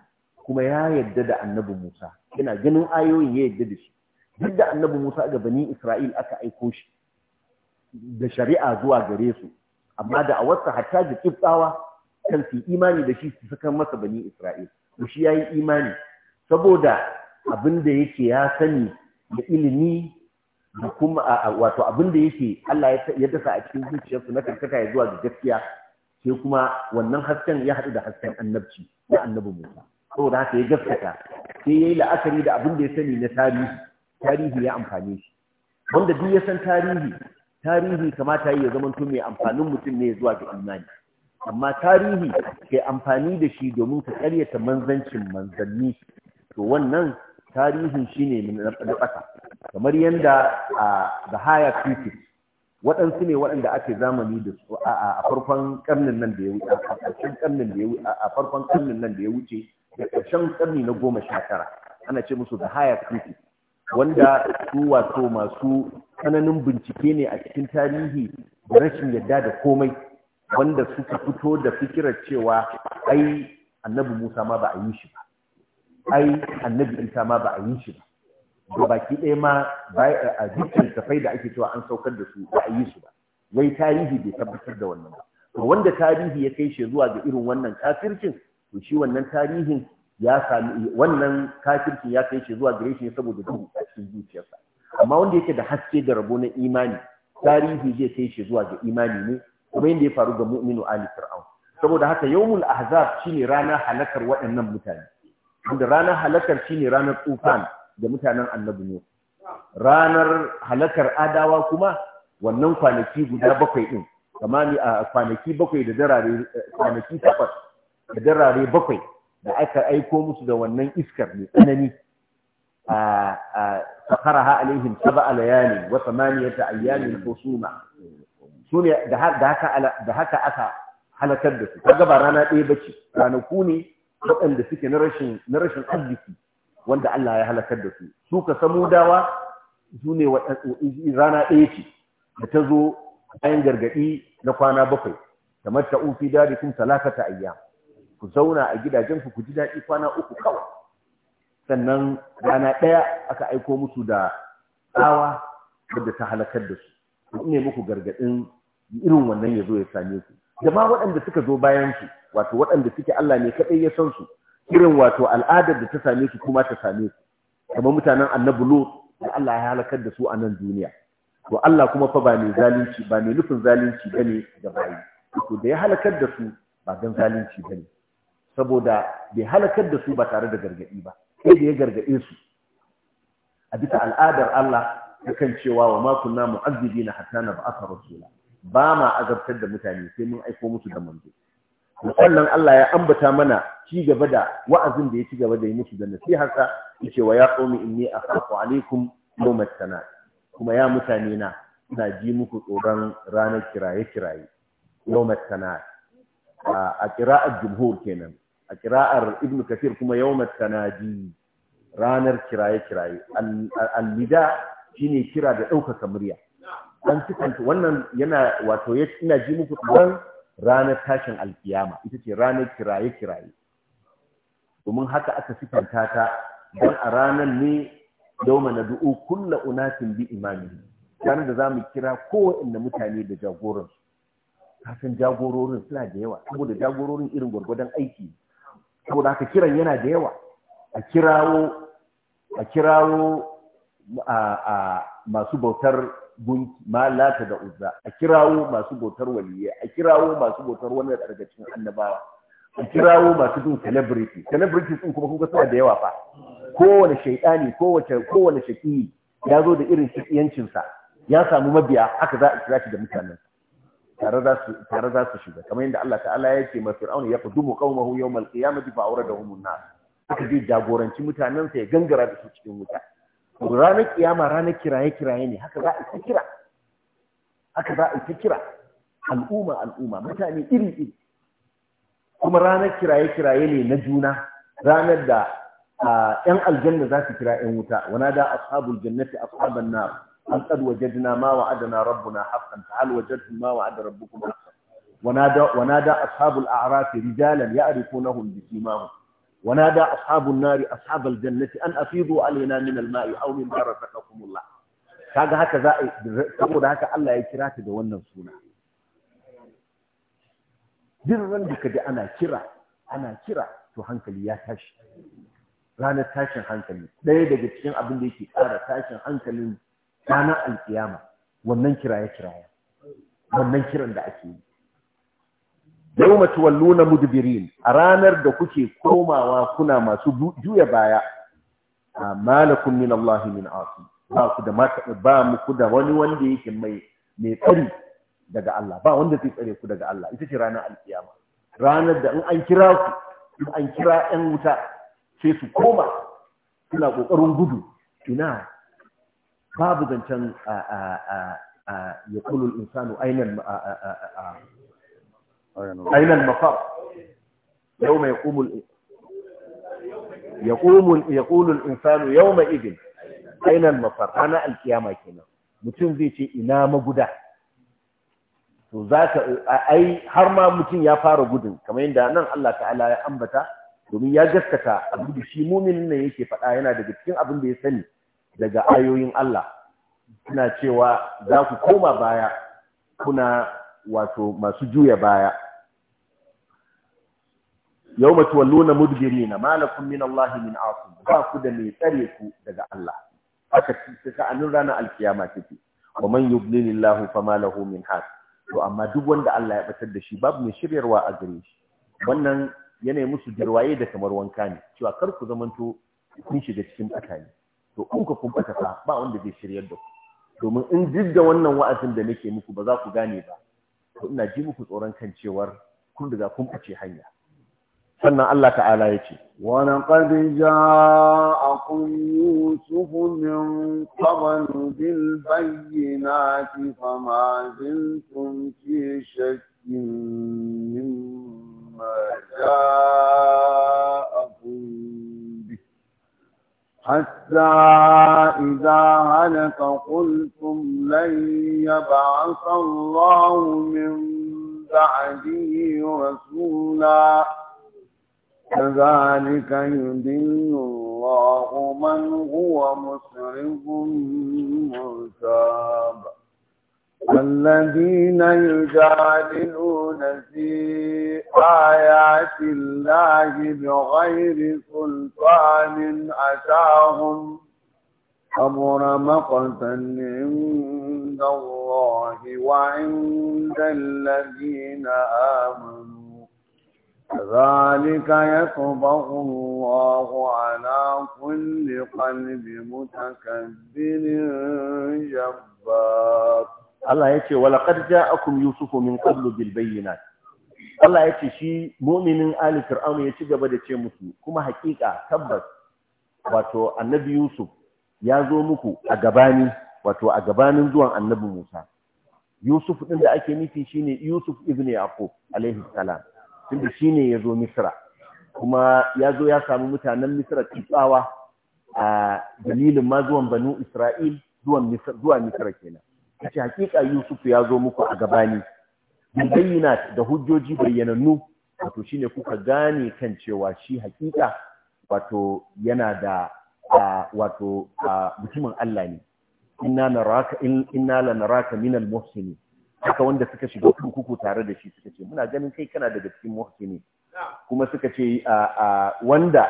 kuma ya yadda da annabi Musa yana ganin ayoyin ya yadda da shi duk da annabi Musa ga bani Isra'il aka aiko shi da shari'a zuwa gare su amma da a wasu hatta da kibtawa kan su imani da shi su saka masa bani Isra'il to shi ya yi imani saboda abin da yake ya sani da ilimi da kuma wato abin da yake Allah ya dasa a cikin zuciyarsu na karkata ya zuwa ga gaskiya sai kuma wannan hasken ya haɗu da hasken annabci na annabi Musa saboda haka ya gaskata sai yayi la'akari da abin da ya sani na tarihi tarihi ya amfane shi wanda duk ya san tarihi tarihi kamata ya zama mai amfanin mutum ne zuwa ga imani amma tarihi ke amfani da shi domin ka karyata manzancin manzanni to wannan tarihin shine na ɓata kamar yadda a the higher critics waɗansu ne waɗanda ake zamani da su a farkon karnin nan da ya wuce a ƙarshen ƙarnin da ya wuce a farkon ƙarnin nan da ya wuce da ƙarshen karni na goma sha tara ana ce musu the higher critics wanda su wato masu tsananin bincike ne a cikin tarihi da rashin yadda da komai wanda suka fito da fikirar cewa ai annabi Musa ma ba a yi shi ba ai annabi Isa ma ba a yi shi ba ba baki ɗaya ma a dukkan tafai da ake cewa an saukar da su ba a yi su ba wai tarihi bai tabbatar da wannan ba to wanda tarihi ya kai shi zuwa ga irin wannan kafircin to shi wannan tarihin ya sami wannan kafircin ya kai shi zuwa gare shi saboda duhu a cikin zuciyarsa amma wanda yake da haske da rabo na imani tarihi zai kai shi zuwa ga imani ne kuma yadda ya faru ga mu'minu ali fir'aun saboda haka yawmul ahzab shine ranar halakar waɗannan mutane wanda ranar halakar shine ranar tsufan da mutanen annabi ranar halakar adawa kuma wannan kwanaki guda bakwai din kamani a kwanaki bakwai da darare kwanaki takwas da darare bakwai da aka aiko musu da wannan iskar mai tsanani a sakaraha alaihim sab'a layali wa thamaniyata ayyamin husuma su da haka aka halakar da su kaga ba rana ɗaya ba ce ranaku ne waɗanda suke na rashin arziki wanda Allah ya halakar da su su ka samu dawa su ne rana ɗaya ce da ta zo bayan gargaɗi na kwana bakwai kamar ta ufi dari kun talakata ayya ku zauna a gidajenku ku ji daɗi kwana uku kawai sannan rana ɗaya aka aiko musu da tsawa wadda ta halakar da su ne muku gargaɗin irin wannan ya zo ya same su. jama waɗanda suka zo bayan su wato waɗanda suke Allah ne kaɗai ya san su irin wato al'adar da ta same su kuma ta same su kamar mutanen annabi lo da Allah ya halakar da su a nan duniya to Allah kuma fa ba ne zalunci ba ne nufin zalunci ne ga bayi to da ya halakar da su ba dan zalunci bane saboda bai halakar da su ba tare da gargaɗi ba sai da ya gargaɗe su a bisa al'adar Allah ta cewa wa makon ma kunna mu'azzibina hatta nab'atha rasula ba ma azabtar da mutane sai mun aiko musu da manzo sannan Allah ya ambata mana ci gaba da wa'azin da ya ci gaba da yi musu da nasiharsa yace wa ya qaumi inni akhafu alaikum yawm at kuma ya mutane na ina ji muku tsoron ranar kiraye kiraye yawm a qira'ar jumhur kenan a qira'ar ibnu kathir kuma yawm at ranar kiraye kiraye al-nida shine kira da ɗaukaka murya an kanta wannan yana wato ya ina ji muku tsoron ranar tashin alkiyama ita ce ranar kiraye kiraye domin haka aka sifanta ta don a ranar ne mana du'u, kulla unatin bi imani ranar da za mu kira kowanne mutane da jagoransu kafin jagororin suna da yawa saboda jagororin irin gwargwadon aiki saboda haka kiran yana da yawa a kirawo a kirawo a masu bautar malata da uzza a kirawo masu bautar waliyyai. a kirawo masu bautar wani daga cikin annabawa a kirawo masu bin celebrity celebrity sun kuma kuka suna da yawa fa kowane shaidani kowace kowane shaki ya zo da irin shakiyancin sa ya samu mabiya aka za a kira shi da mutanen tare za su tare za su shiga kamar yadda Allah ta'ala ya ce ma fir'auna ya qudumu qaumahu yawm al-qiyamati da awradahum an-nar haka zai jagoranci mutanen sa ya gangara da su cikin wuta ranar kiyama ranar kiraye-kiraye ne haka za a ta kira haka za a ta kira al'umma al'umma mutane iri-iri kuma ranar kiraye-kiraye ne na juna ranar da ‘yan aljanna za su kira ‘yan wuta wana da ashabul jannati ashaban nar an qad wajadna ma wa'adana rabbuna haqqan ta'al wajadtum ma wa'ada rabbukum haqqan wana da wana da ashabul a'raf rijalan ya'rifunahum bi simahum ونادى أصحاب النار أصحاب الجنة أن an علينا من الماء أو من رزقكم الله kaga haka za saboda haka Allah ya kira ta da wannan suna duk ran da kaji ana kira ana kira to hankali ya tashi ranar tashin hankali ɗaya daga cikin abin da yake ƙara tashin hankalin ranar alkiyama wannan kiraye kiraye wannan kiran da ake yi yawma tuwalluna mudbirin a ranar da kuke komawa kuna masu juya baya ah, malakum min Allah min asi ba ku da ba mu ku da wani wanda yake mai mai tsari daga Allah ba wanda zai tsare ku daga Allah ita ce ranar alkiyama ranar da in an kira ku in an kira ƴan wuta sai su koma suna kokarin gudu ina babu zancen a a a ya kulul insanu ainan أين المفر يوم يقوم ال... يقوم ال... يقول الإنسان يومئذ أين المفر أنا القيامة كنا mutum zai ce ina maguda to zaka har ma mutum ya fara gudun kamar yadda nan Allah ta'ala ya ambata domin ya gaskata abin shi muminin ne yake faɗa yana da cikin abin da ya sani daga ayoyin Allah suna cewa za ku koma baya kuna wato masu juya baya yau mace walluna mudbiri na malakun min Allah min asu ba ku da mai tsare ku daga Allah haka ta sa'anin ranar alkiyama take wa man yublilillahu fama lahu min has to amma duk wanda Allah ya batar da shi babu mai shiryarwa a gare shi wannan yanayin musu jirwaye da kamar wanka ne cewa kar ku zamanto kun shiga cikin bata ne to in ku kun bata fa ba wanda zai shiryar da ku domin in duk da wannan wa'azin da nake muku ba za ku gane ba to ina ji muku tsoron kan cewar kun riga kun ɓace hanya sannan Allah ka ya ce wani ƙarfi ja a kunyi su hulun kwanu bil bayyana ti fama zin tun ke shakkin min maja a kunbi hasa idan halaka kulkun layya ba a san rahu min za'adi rasula كذلك يدل الله من هو مسرف مرتاب الذين يجادلون في آيات الله بغير سلطان أتاهم كبر مقتا عند الله وعند الذين آمنوا كذلك يطبع الله على كل قلب متكبر جبار الله يتي ولقد جاءكم يوسف من قبل بالبينات Allah ya ce shi muminin Ali Fir'aun ya ci gaba da ce musu kuma hakika tabbas wato Annabi Yusuf ya zo muku a gabani wato a gabanin zuwan Annabi Musa Yusuf ɗin da ake nufi shine Yusuf ibn Yaqub alaihi salam tunda shi ne ya zo Misira. kuma ya zo ya samu mutanen Misira tsawa a dalilin ma zuwan banu isra'il zuwa Misira kenan a ce hakika yusuf ya zo muku a gabani bin bayyana da hujjoji bayyanannu wato shine kuka gane kan cewa shi hakika wato yana da wato mutumin Allah ne inna naraka inna lanaraka minal muhsinin haka wanda suka shiga kurkuku tare da shi suka ce muna ganin kai kana daga cikin muhsini kuma suka ce wanda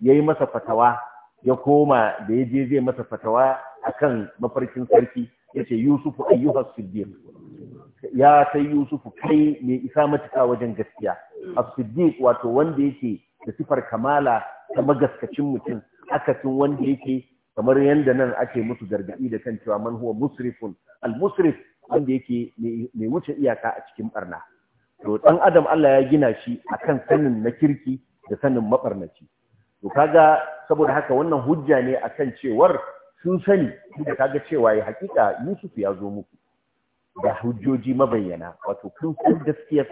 ya yi masa fatawa ya koma da ya je zai masa fatawa akan mafarkin sarki ya ce yusufu siddiq ya sai yusufu kai mai isa matuka wajen gaskiya as-siddiq wato wanda yake da sifar kamala ta magaskacin mutum akasin wanda yake kamar yadda nan ake musu gargadi da kan cewa man huwa musrifun al-musrif wanda yake mai wuce iyaka a cikin barna to ɗan adam Allah ya gina shi a kan sanin na kirki da sanin maɓarnaci. to kaga saboda haka wannan hujja ne a kan cewar sun sani da kaga cewa ya hakika Yusuf ya zo muku da hujjoji mabayyana wato kun kun gaskiyar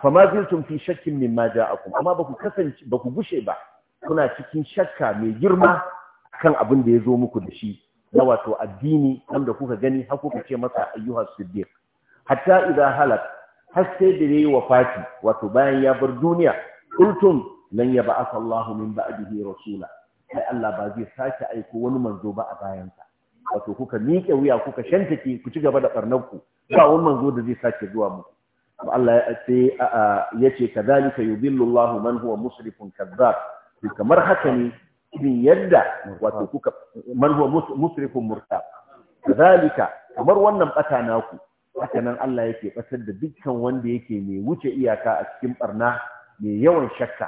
fa ma fi shakkin mimma ja'akum amma ku kasance ba kuna cikin shakka mai girma kan abin da ya zo muku da shi na wato addini wanda kuka gani har kuka ce masa ayyuhar siddiq hatta idan halak har sai da yayi wafati wato bayan ya bar duniya ultum lan yab'ath Allah min ba'dihi rasula sai Allah ba zai sake aiko wani manzo ba a bayansa wato kuka miƙe wuya kuka shantake ku ci gaba da barnarku ba wani manzo da zai sake zuwa muku Allah ya ce yace kadhalika yudillu Allah man huwa musrifun kazzab kamar haka ne irin yadda wato kuka man musrifun murtab kadhalika kamar wannan bata naku haka nan Allah yake batar da dukkan wanda yake mai wuce iyaka a cikin barna mai yawan shakka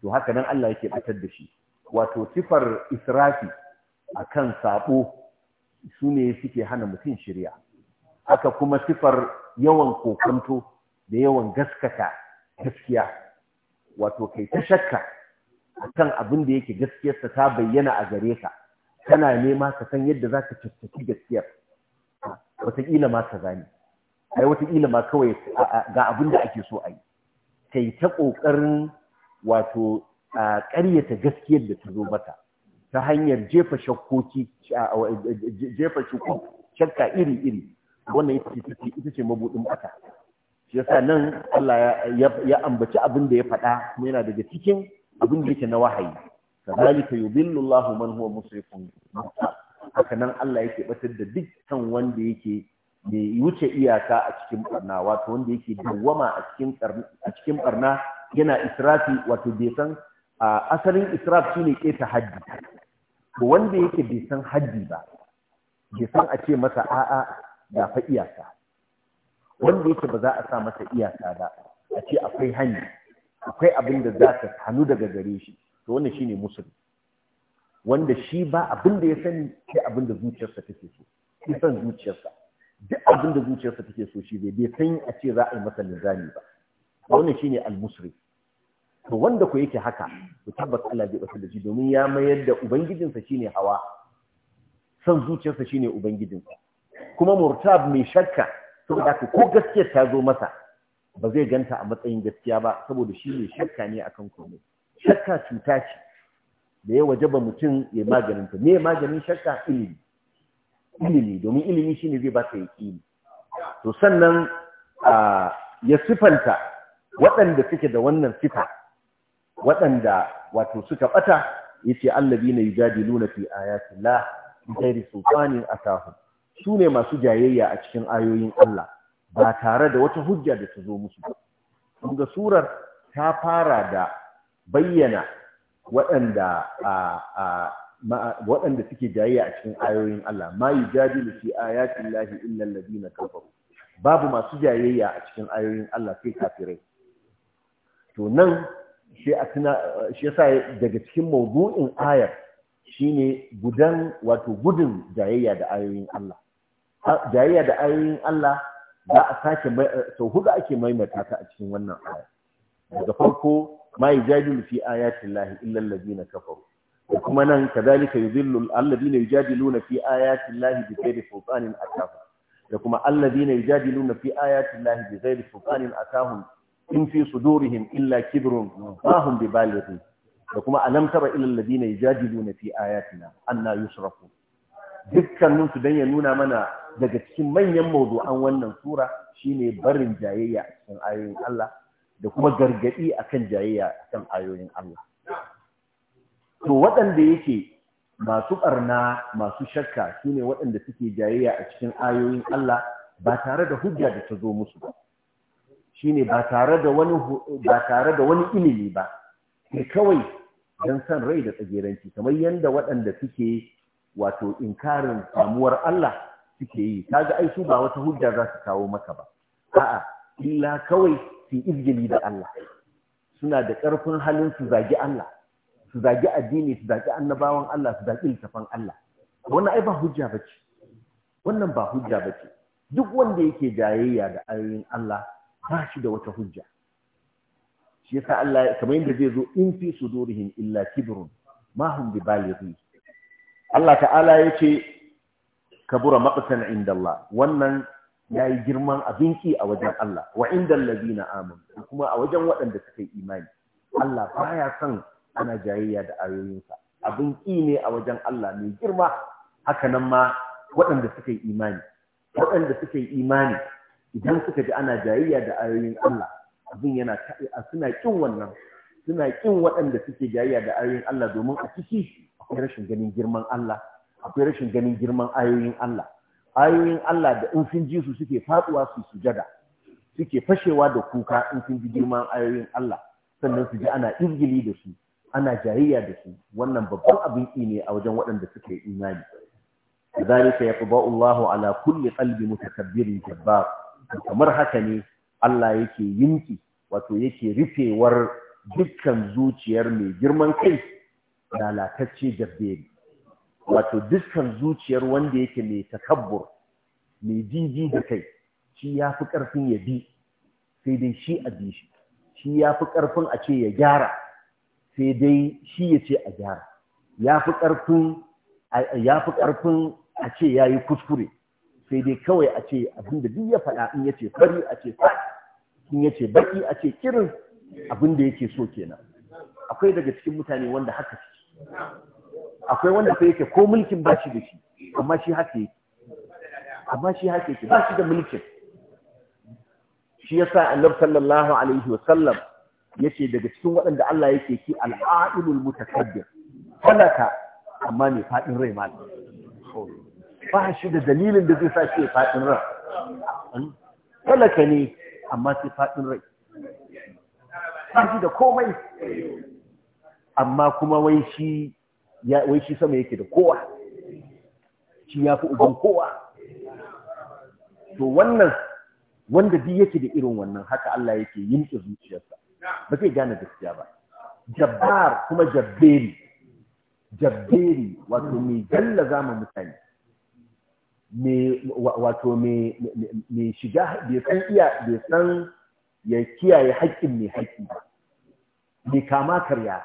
to haka nan Allah yake ɓatar da shi wato sifar israfi akan sabo su ne suke hana mutum shirya haka kuma sifar yawan kokanto da yawan gaskata gaskiya wato kai ta shakka kan abin da yake gaskiyarsa ta bayyana a gare ka kana nema ka san yadda za ka caccaki gaskiyar wataƙila ma ka gani ai wataƙila ma kawai ga abin da ake so a yi ta yi ta ƙoƙarin wato ƙaryata gaskiyar da ta zo mata ta hanyar jefa shakkoki jefa shakka iri-iri wannan ita ce mabuɗin ɓata shi yasa nan Allah ya ambaci abin da ya faɗa kuma yana daga cikin abin da yake na wahayi kazalika yudillu Allahu man huwa musrifun haka nan Allah yake batar da dukkan wanda yake bai wuce iyaka a cikin barna wato wanda yake dawwama a cikin a cikin barna yana israfi wato bai san asalin israf shine ta haddi wanda yake bai san haddi ba bai san a ce masa a'a da fa iyaka wanda yake ba za a sa masa iyaka ba a ce akwai hanya akwai abin da za ka hannu daga gare shi to wannan shine musulmi wanda shi ba abin da ya sani sai abin da zuciyarsa take so shi san zuciyarsa duk abin da zuciyarsa take so shi bai bai san a ce za a yi masa linzami ba wannan shine al-musri to wanda ko yake haka to tabbas Allah zai bata da shi domin ya mayar da ubangijinsa shine hawa san zuciyarsa shine ubangijinsa kuma murtab mai shakka da ko gaskiya ta zo masa ba zai ganta a matsayin gaskiya ba saboda shi ne shakka ne akan komai shakka cuta ce da ya waje ba mutum ya maganin ta me maganin shakka ilimi ilimi domin ilimi shi ne zai baka ilimi to sannan ya sifanta waɗanda suke da wannan sifa waɗanda wato suka bata yace na yujadiluna fi ayati llah bi ghairi sultanin atahum sune masu jayayya a cikin ayoyin Allah ba tare da wata hujja da ta zo musu ba ga surar ta fara da bayyana waɗanda suke jayayya a cikin ayoyin Allah ma yujadilu fi lahi illan illa na kafaru babu masu jayayya a cikin ayoyin Allah sai kafirai to nan shi a tuna daga cikin mawudu'in ayar shine gudan wato gudun jayayya da ayoyin Allah jayayya da ayoyin Allah za a sake sau hudu ake maimaita ta a cikin wannan aya daga farko ma yujadilu fi ayatin lahi illa na kafaru da kuma nan zillu, kadhalika yudillu allazina yujadiluna fi ayatin lahi bi ghairi sultanin atafa da kuma allazina yujadiluna fi ayatin lahi bi ghairi sultanin atahum in fi sudurihim illa kibrun ma hum bi balighi da kuma alam tara ila allazina yujadiluna fi ayatina anna yusrafun dukkaninsu don ya nuna mana daga cikin manyan mawdu'an wannan sura shine barin jayayya a cikin ayoyin Allah da kuma gargaɗi a kan jayayya a cikin ayoyin Allah to waɗanda yake masu ɓarna masu shakka shine waɗanda suke jayayya a cikin ayoyin Allah ba tare da hujja da ta zo musu ba shine ba tare da wani ba tare da wani ilimi ba Kai kawai don san rai da tsageranci kamar yadda waɗanda suke wato inkarin samuwar Allah suke yi kaga ai su ba wata hujja za su kawo maka ba a'a illa kawai su izgili da Allah suna da ƙarfin halin su zagi Allah su zagi addini su zagi annabawan Allah su zagi littafan Allah wannan ai ba hujja bace wannan ba hujja bace duk wanda yake jayayya da ayoyin Allah ba shi da wata hujja shi yasa Allah kamar yadda zai zo in fi sudurihim illa kibrun ma hum bi balighi Allah ta'ala ya ce kabura maqtan inda Allah wannan ya yi girman abin ki a wajen Allah wa indal na amanu kuma a wajen waɗanda suka yi imani Allah baya son ana jayayya da ayoyinsa abin ne a wajen Allah mai girma haka nan ma waɗanda suka yi imani waɗanda suka yi imani idan suka ji ana jayayya da ayoyin Allah abin yana suna ƙin wannan suna ƙin waɗanda suke jayayya da ayoyin Allah domin a ciki akwai rashin ganin girman Allah akwai rashin ganin girman ayoyin Allah ayoyin Allah da in sun ji su suke faduwa su sujada suke fashewa da kuka in sun ji girman ayoyin Allah sannan su ji ana izgili da su ana jayayya da su wannan babban abin ki ne a wajen waɗanda suke yi imani kadhalika ba Allahu ala kulli qalbi mutakabbirin jabbar kamar haka ne Allah yake yinki wato yake rufewar dukkan zuciyar mai girman kai lalatacce jabberi wato dukkan zuciyar wanda yake mai takabbur mai jiji da kai shi ya fi ƙarfin ya bi sai dai shi a bi shi shi ya fi ƙarfin a ce ya gyara sai dai shi ya ce a gyara ya fi ƙarfin a ce ya yi kuskure sai dai kawai a ce abinda duk ya faɗa in ya ce fari a ce fat in ya ce baki a ce kirin abin da yake so kenan akwai daga cikin mutane wanda haka suke akwai wanda fa yake ko mulkin ba shi da shi amma shi haka yake amma shi haka yake ba shi da mulkin shi yasa Allah sallallahu alaihi wa sallam yace daga cikin waɗanda Allah yake ki al'ailul mutakabbir Falaka, amma ne fadin rai ma ba shi da dalilin da zai sa shi fadin rai Falaka ne amma sai fadin rai ƙarfi da komai amma kuma wai shi sama yake da kowa shi ya fi uban kowa to wannan wanda duk yake da irin wannan haka Allah yake yinke zuciyarsa ba zai gane gaskiya ba jabbar kuma jabberi jabberi wato mai gallaza ma mutane wato mai shiga bai san iya bai san ya kiyaye haƙƙin mai haƙƙi ba mai kama karya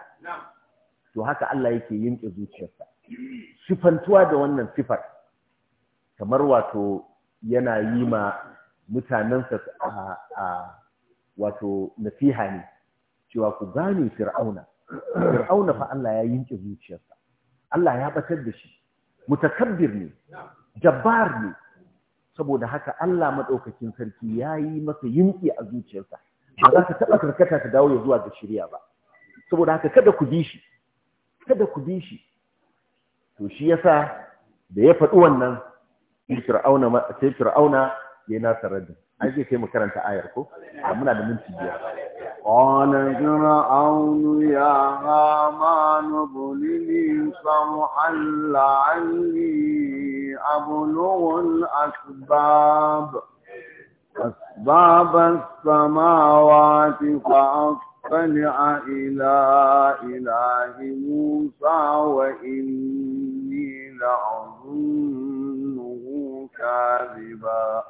to haka Allah yake yinke zuciyarsa sifantuwa da wannan sifar kamar wato yana yi ma mutanensa a wato nasiha ne cewa ku gane fir'auna fir'auna fa Allah ya yinke zuciyarsa Allah ya batar da shi mutakabbir ne jabbar ne saboda haka Allah madaukakin sarki yayi masa yinƙi a zuciyarsa ba za ka taba karkata ka dawo zuwa ga shirya ba saboda haka kada ku bi shi kada ku bi shi to shi yasa da ya faɗi wannan fir'auna sai fir'auna ya nasa radin an je sai mu karanta ayar ko muna da minti biyar qala fir'aunu ya haman bunini samhan la'anni ablughul asbab asbab as-samawati fa أطلع إلى إله موسى وإني لأظنه كاذبا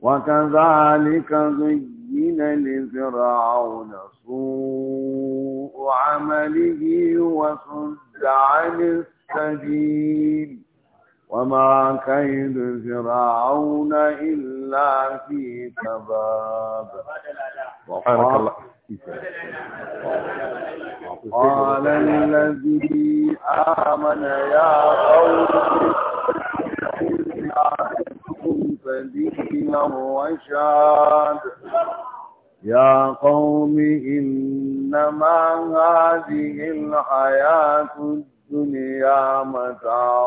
وكذلك زين لفرعون سوء عمله وصد عن السبيل وما كيد فرعون إلا في تباب بارك الله قال الذي آمن يا قوم فدين الرشاد يا قوم إنما هذه الحياة الدنيا متاع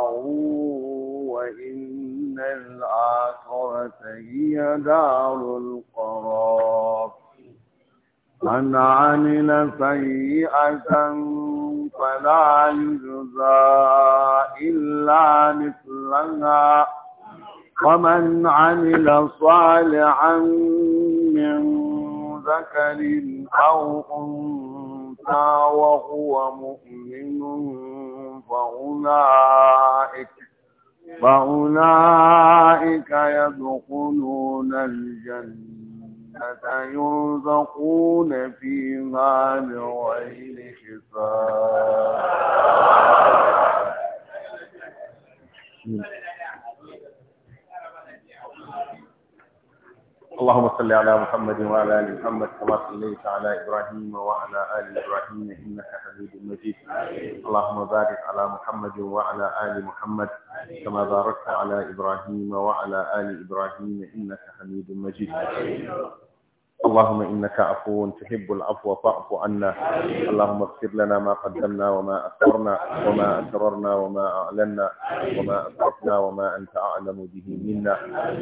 وإن الآخرة هي دار القرار من عمل سيئة فلا يجزى إلا مثلها ومن عمل صالحا من ذكر أو أنثى وهو مؤمن فأولئك فأولئك يدخلون الجنة فسيرزقون فيما بغير حساب اللهم صل على محمد وعلى ال محمد كما صليت على ابراهيم وعلى ال ابراهيم انك حميد مجيد اللهم بارك على محمد وعلى ال محمد كما باركت على ابراهيم وعلى ال ابراهيم انك حميد مجيد اللهم إنك عفو تحب العفو فاعف عنا اللهم اغفر لنا ما قدمنا وما أخرنا وما أسررنا وما أعلنا وما أسرفنا وما أنت أعلم به منا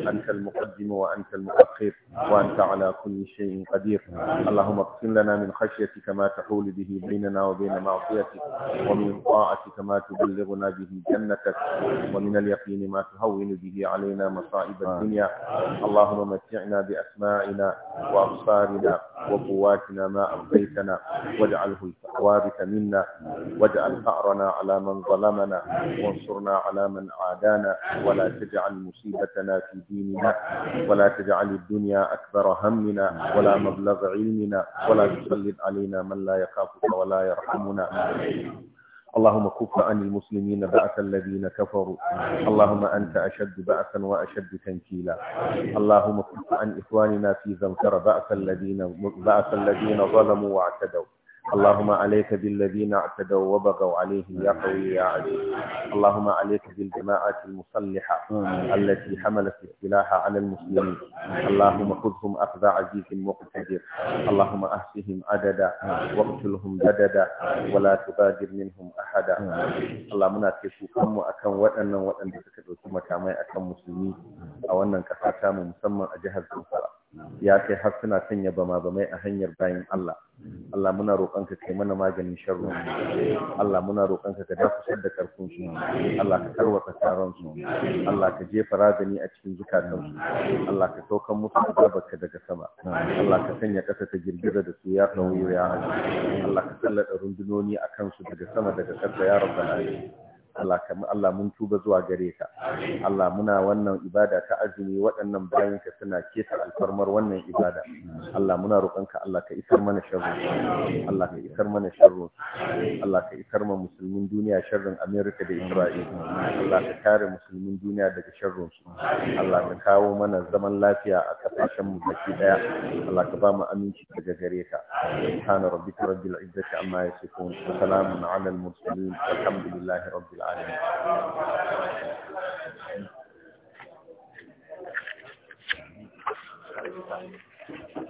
أنت المقدم وأنت المؤخر وأنت على كل شيء قدير اللهم اقسم لنا من خشيتك ما تحول به بيننا وبين معصيتك ومن طاعتك ما تبلغنا به جنتك ومن اليقين ما تهون به علينا مصائب الدنيا اللهم متعنا بأسمائنا و وأبصارنا وقواتنا ما أبقيتنا واجعله الوارث منا واجعل ثأرنا على من ظلمنا وانصرنا على من عادانا ولا تجعل مصيبتنا في ديننا ولا تجعل الدنيا أكبر همنا ولا مبلغ علمنا ولا تسلط علينا من لا يخافك ولا يرحمنا اللهم كف عن المسلمين بعث الذين كفروا اللهم أنت أشد بعثا وأشد تنكيلا اللهم كف عن إخواننا في زمكر بعث الذين, بعث الذين ظلموا واعتدوا اللهم عليك بالذين اعتدوا وبغوا عليهم يا قوي يا عزيز اللهم عليك بالجماعات المصلحة التي حملت السلاح على المسلمين اللهم خذهم أخذ عزيز مقتدر اللهم أحسهم عددا واقتلهم بددا ولا تبادر منهم أحدا اللهم نتشو كم أكم وأنا وأن تكدو ثم كما أكم مسلمين أو أن كفاكام مسمى أجهز الصلاة ya kai har suna sanya bama bamai a hanyar bayan Allah Allah muna roƙonka kai mana maganin sharru Allah muna roƙonka ka dakusar da karfin su Allah ka tarwata taron su Allah ka jefa razani a cikin zukatan su Allah ka saukan musu azabarka daga sama Allah ka sanya ƙasa ta girgiza da su ya tsawo ya Allah ka sallada rundunoni a kansu daga sama daga ƙasa ya rabbal Allah kamar Allah mun tuba zuwa gare ka Allah muna wannan ibada ta azumi waɗannan bayan ka suna ta alfarmar wannan ibada Allah muna ka Allah ka isar mana sharru Allah ka isar mana sharru Allah ka isar mana musulmin duniya sharrin Amerika da Isra'il Allah ka kare musulmin duniya daga sharrin su Allah ka kawo mana zaman lafiya a kasashen mu baki daya Allah ka ba mu aminci daga gare ka subhana rabbika rabbil izzati amma yasifun wa salamun ala al mursalin walhamdulillahi rabbil العالمين Thank you.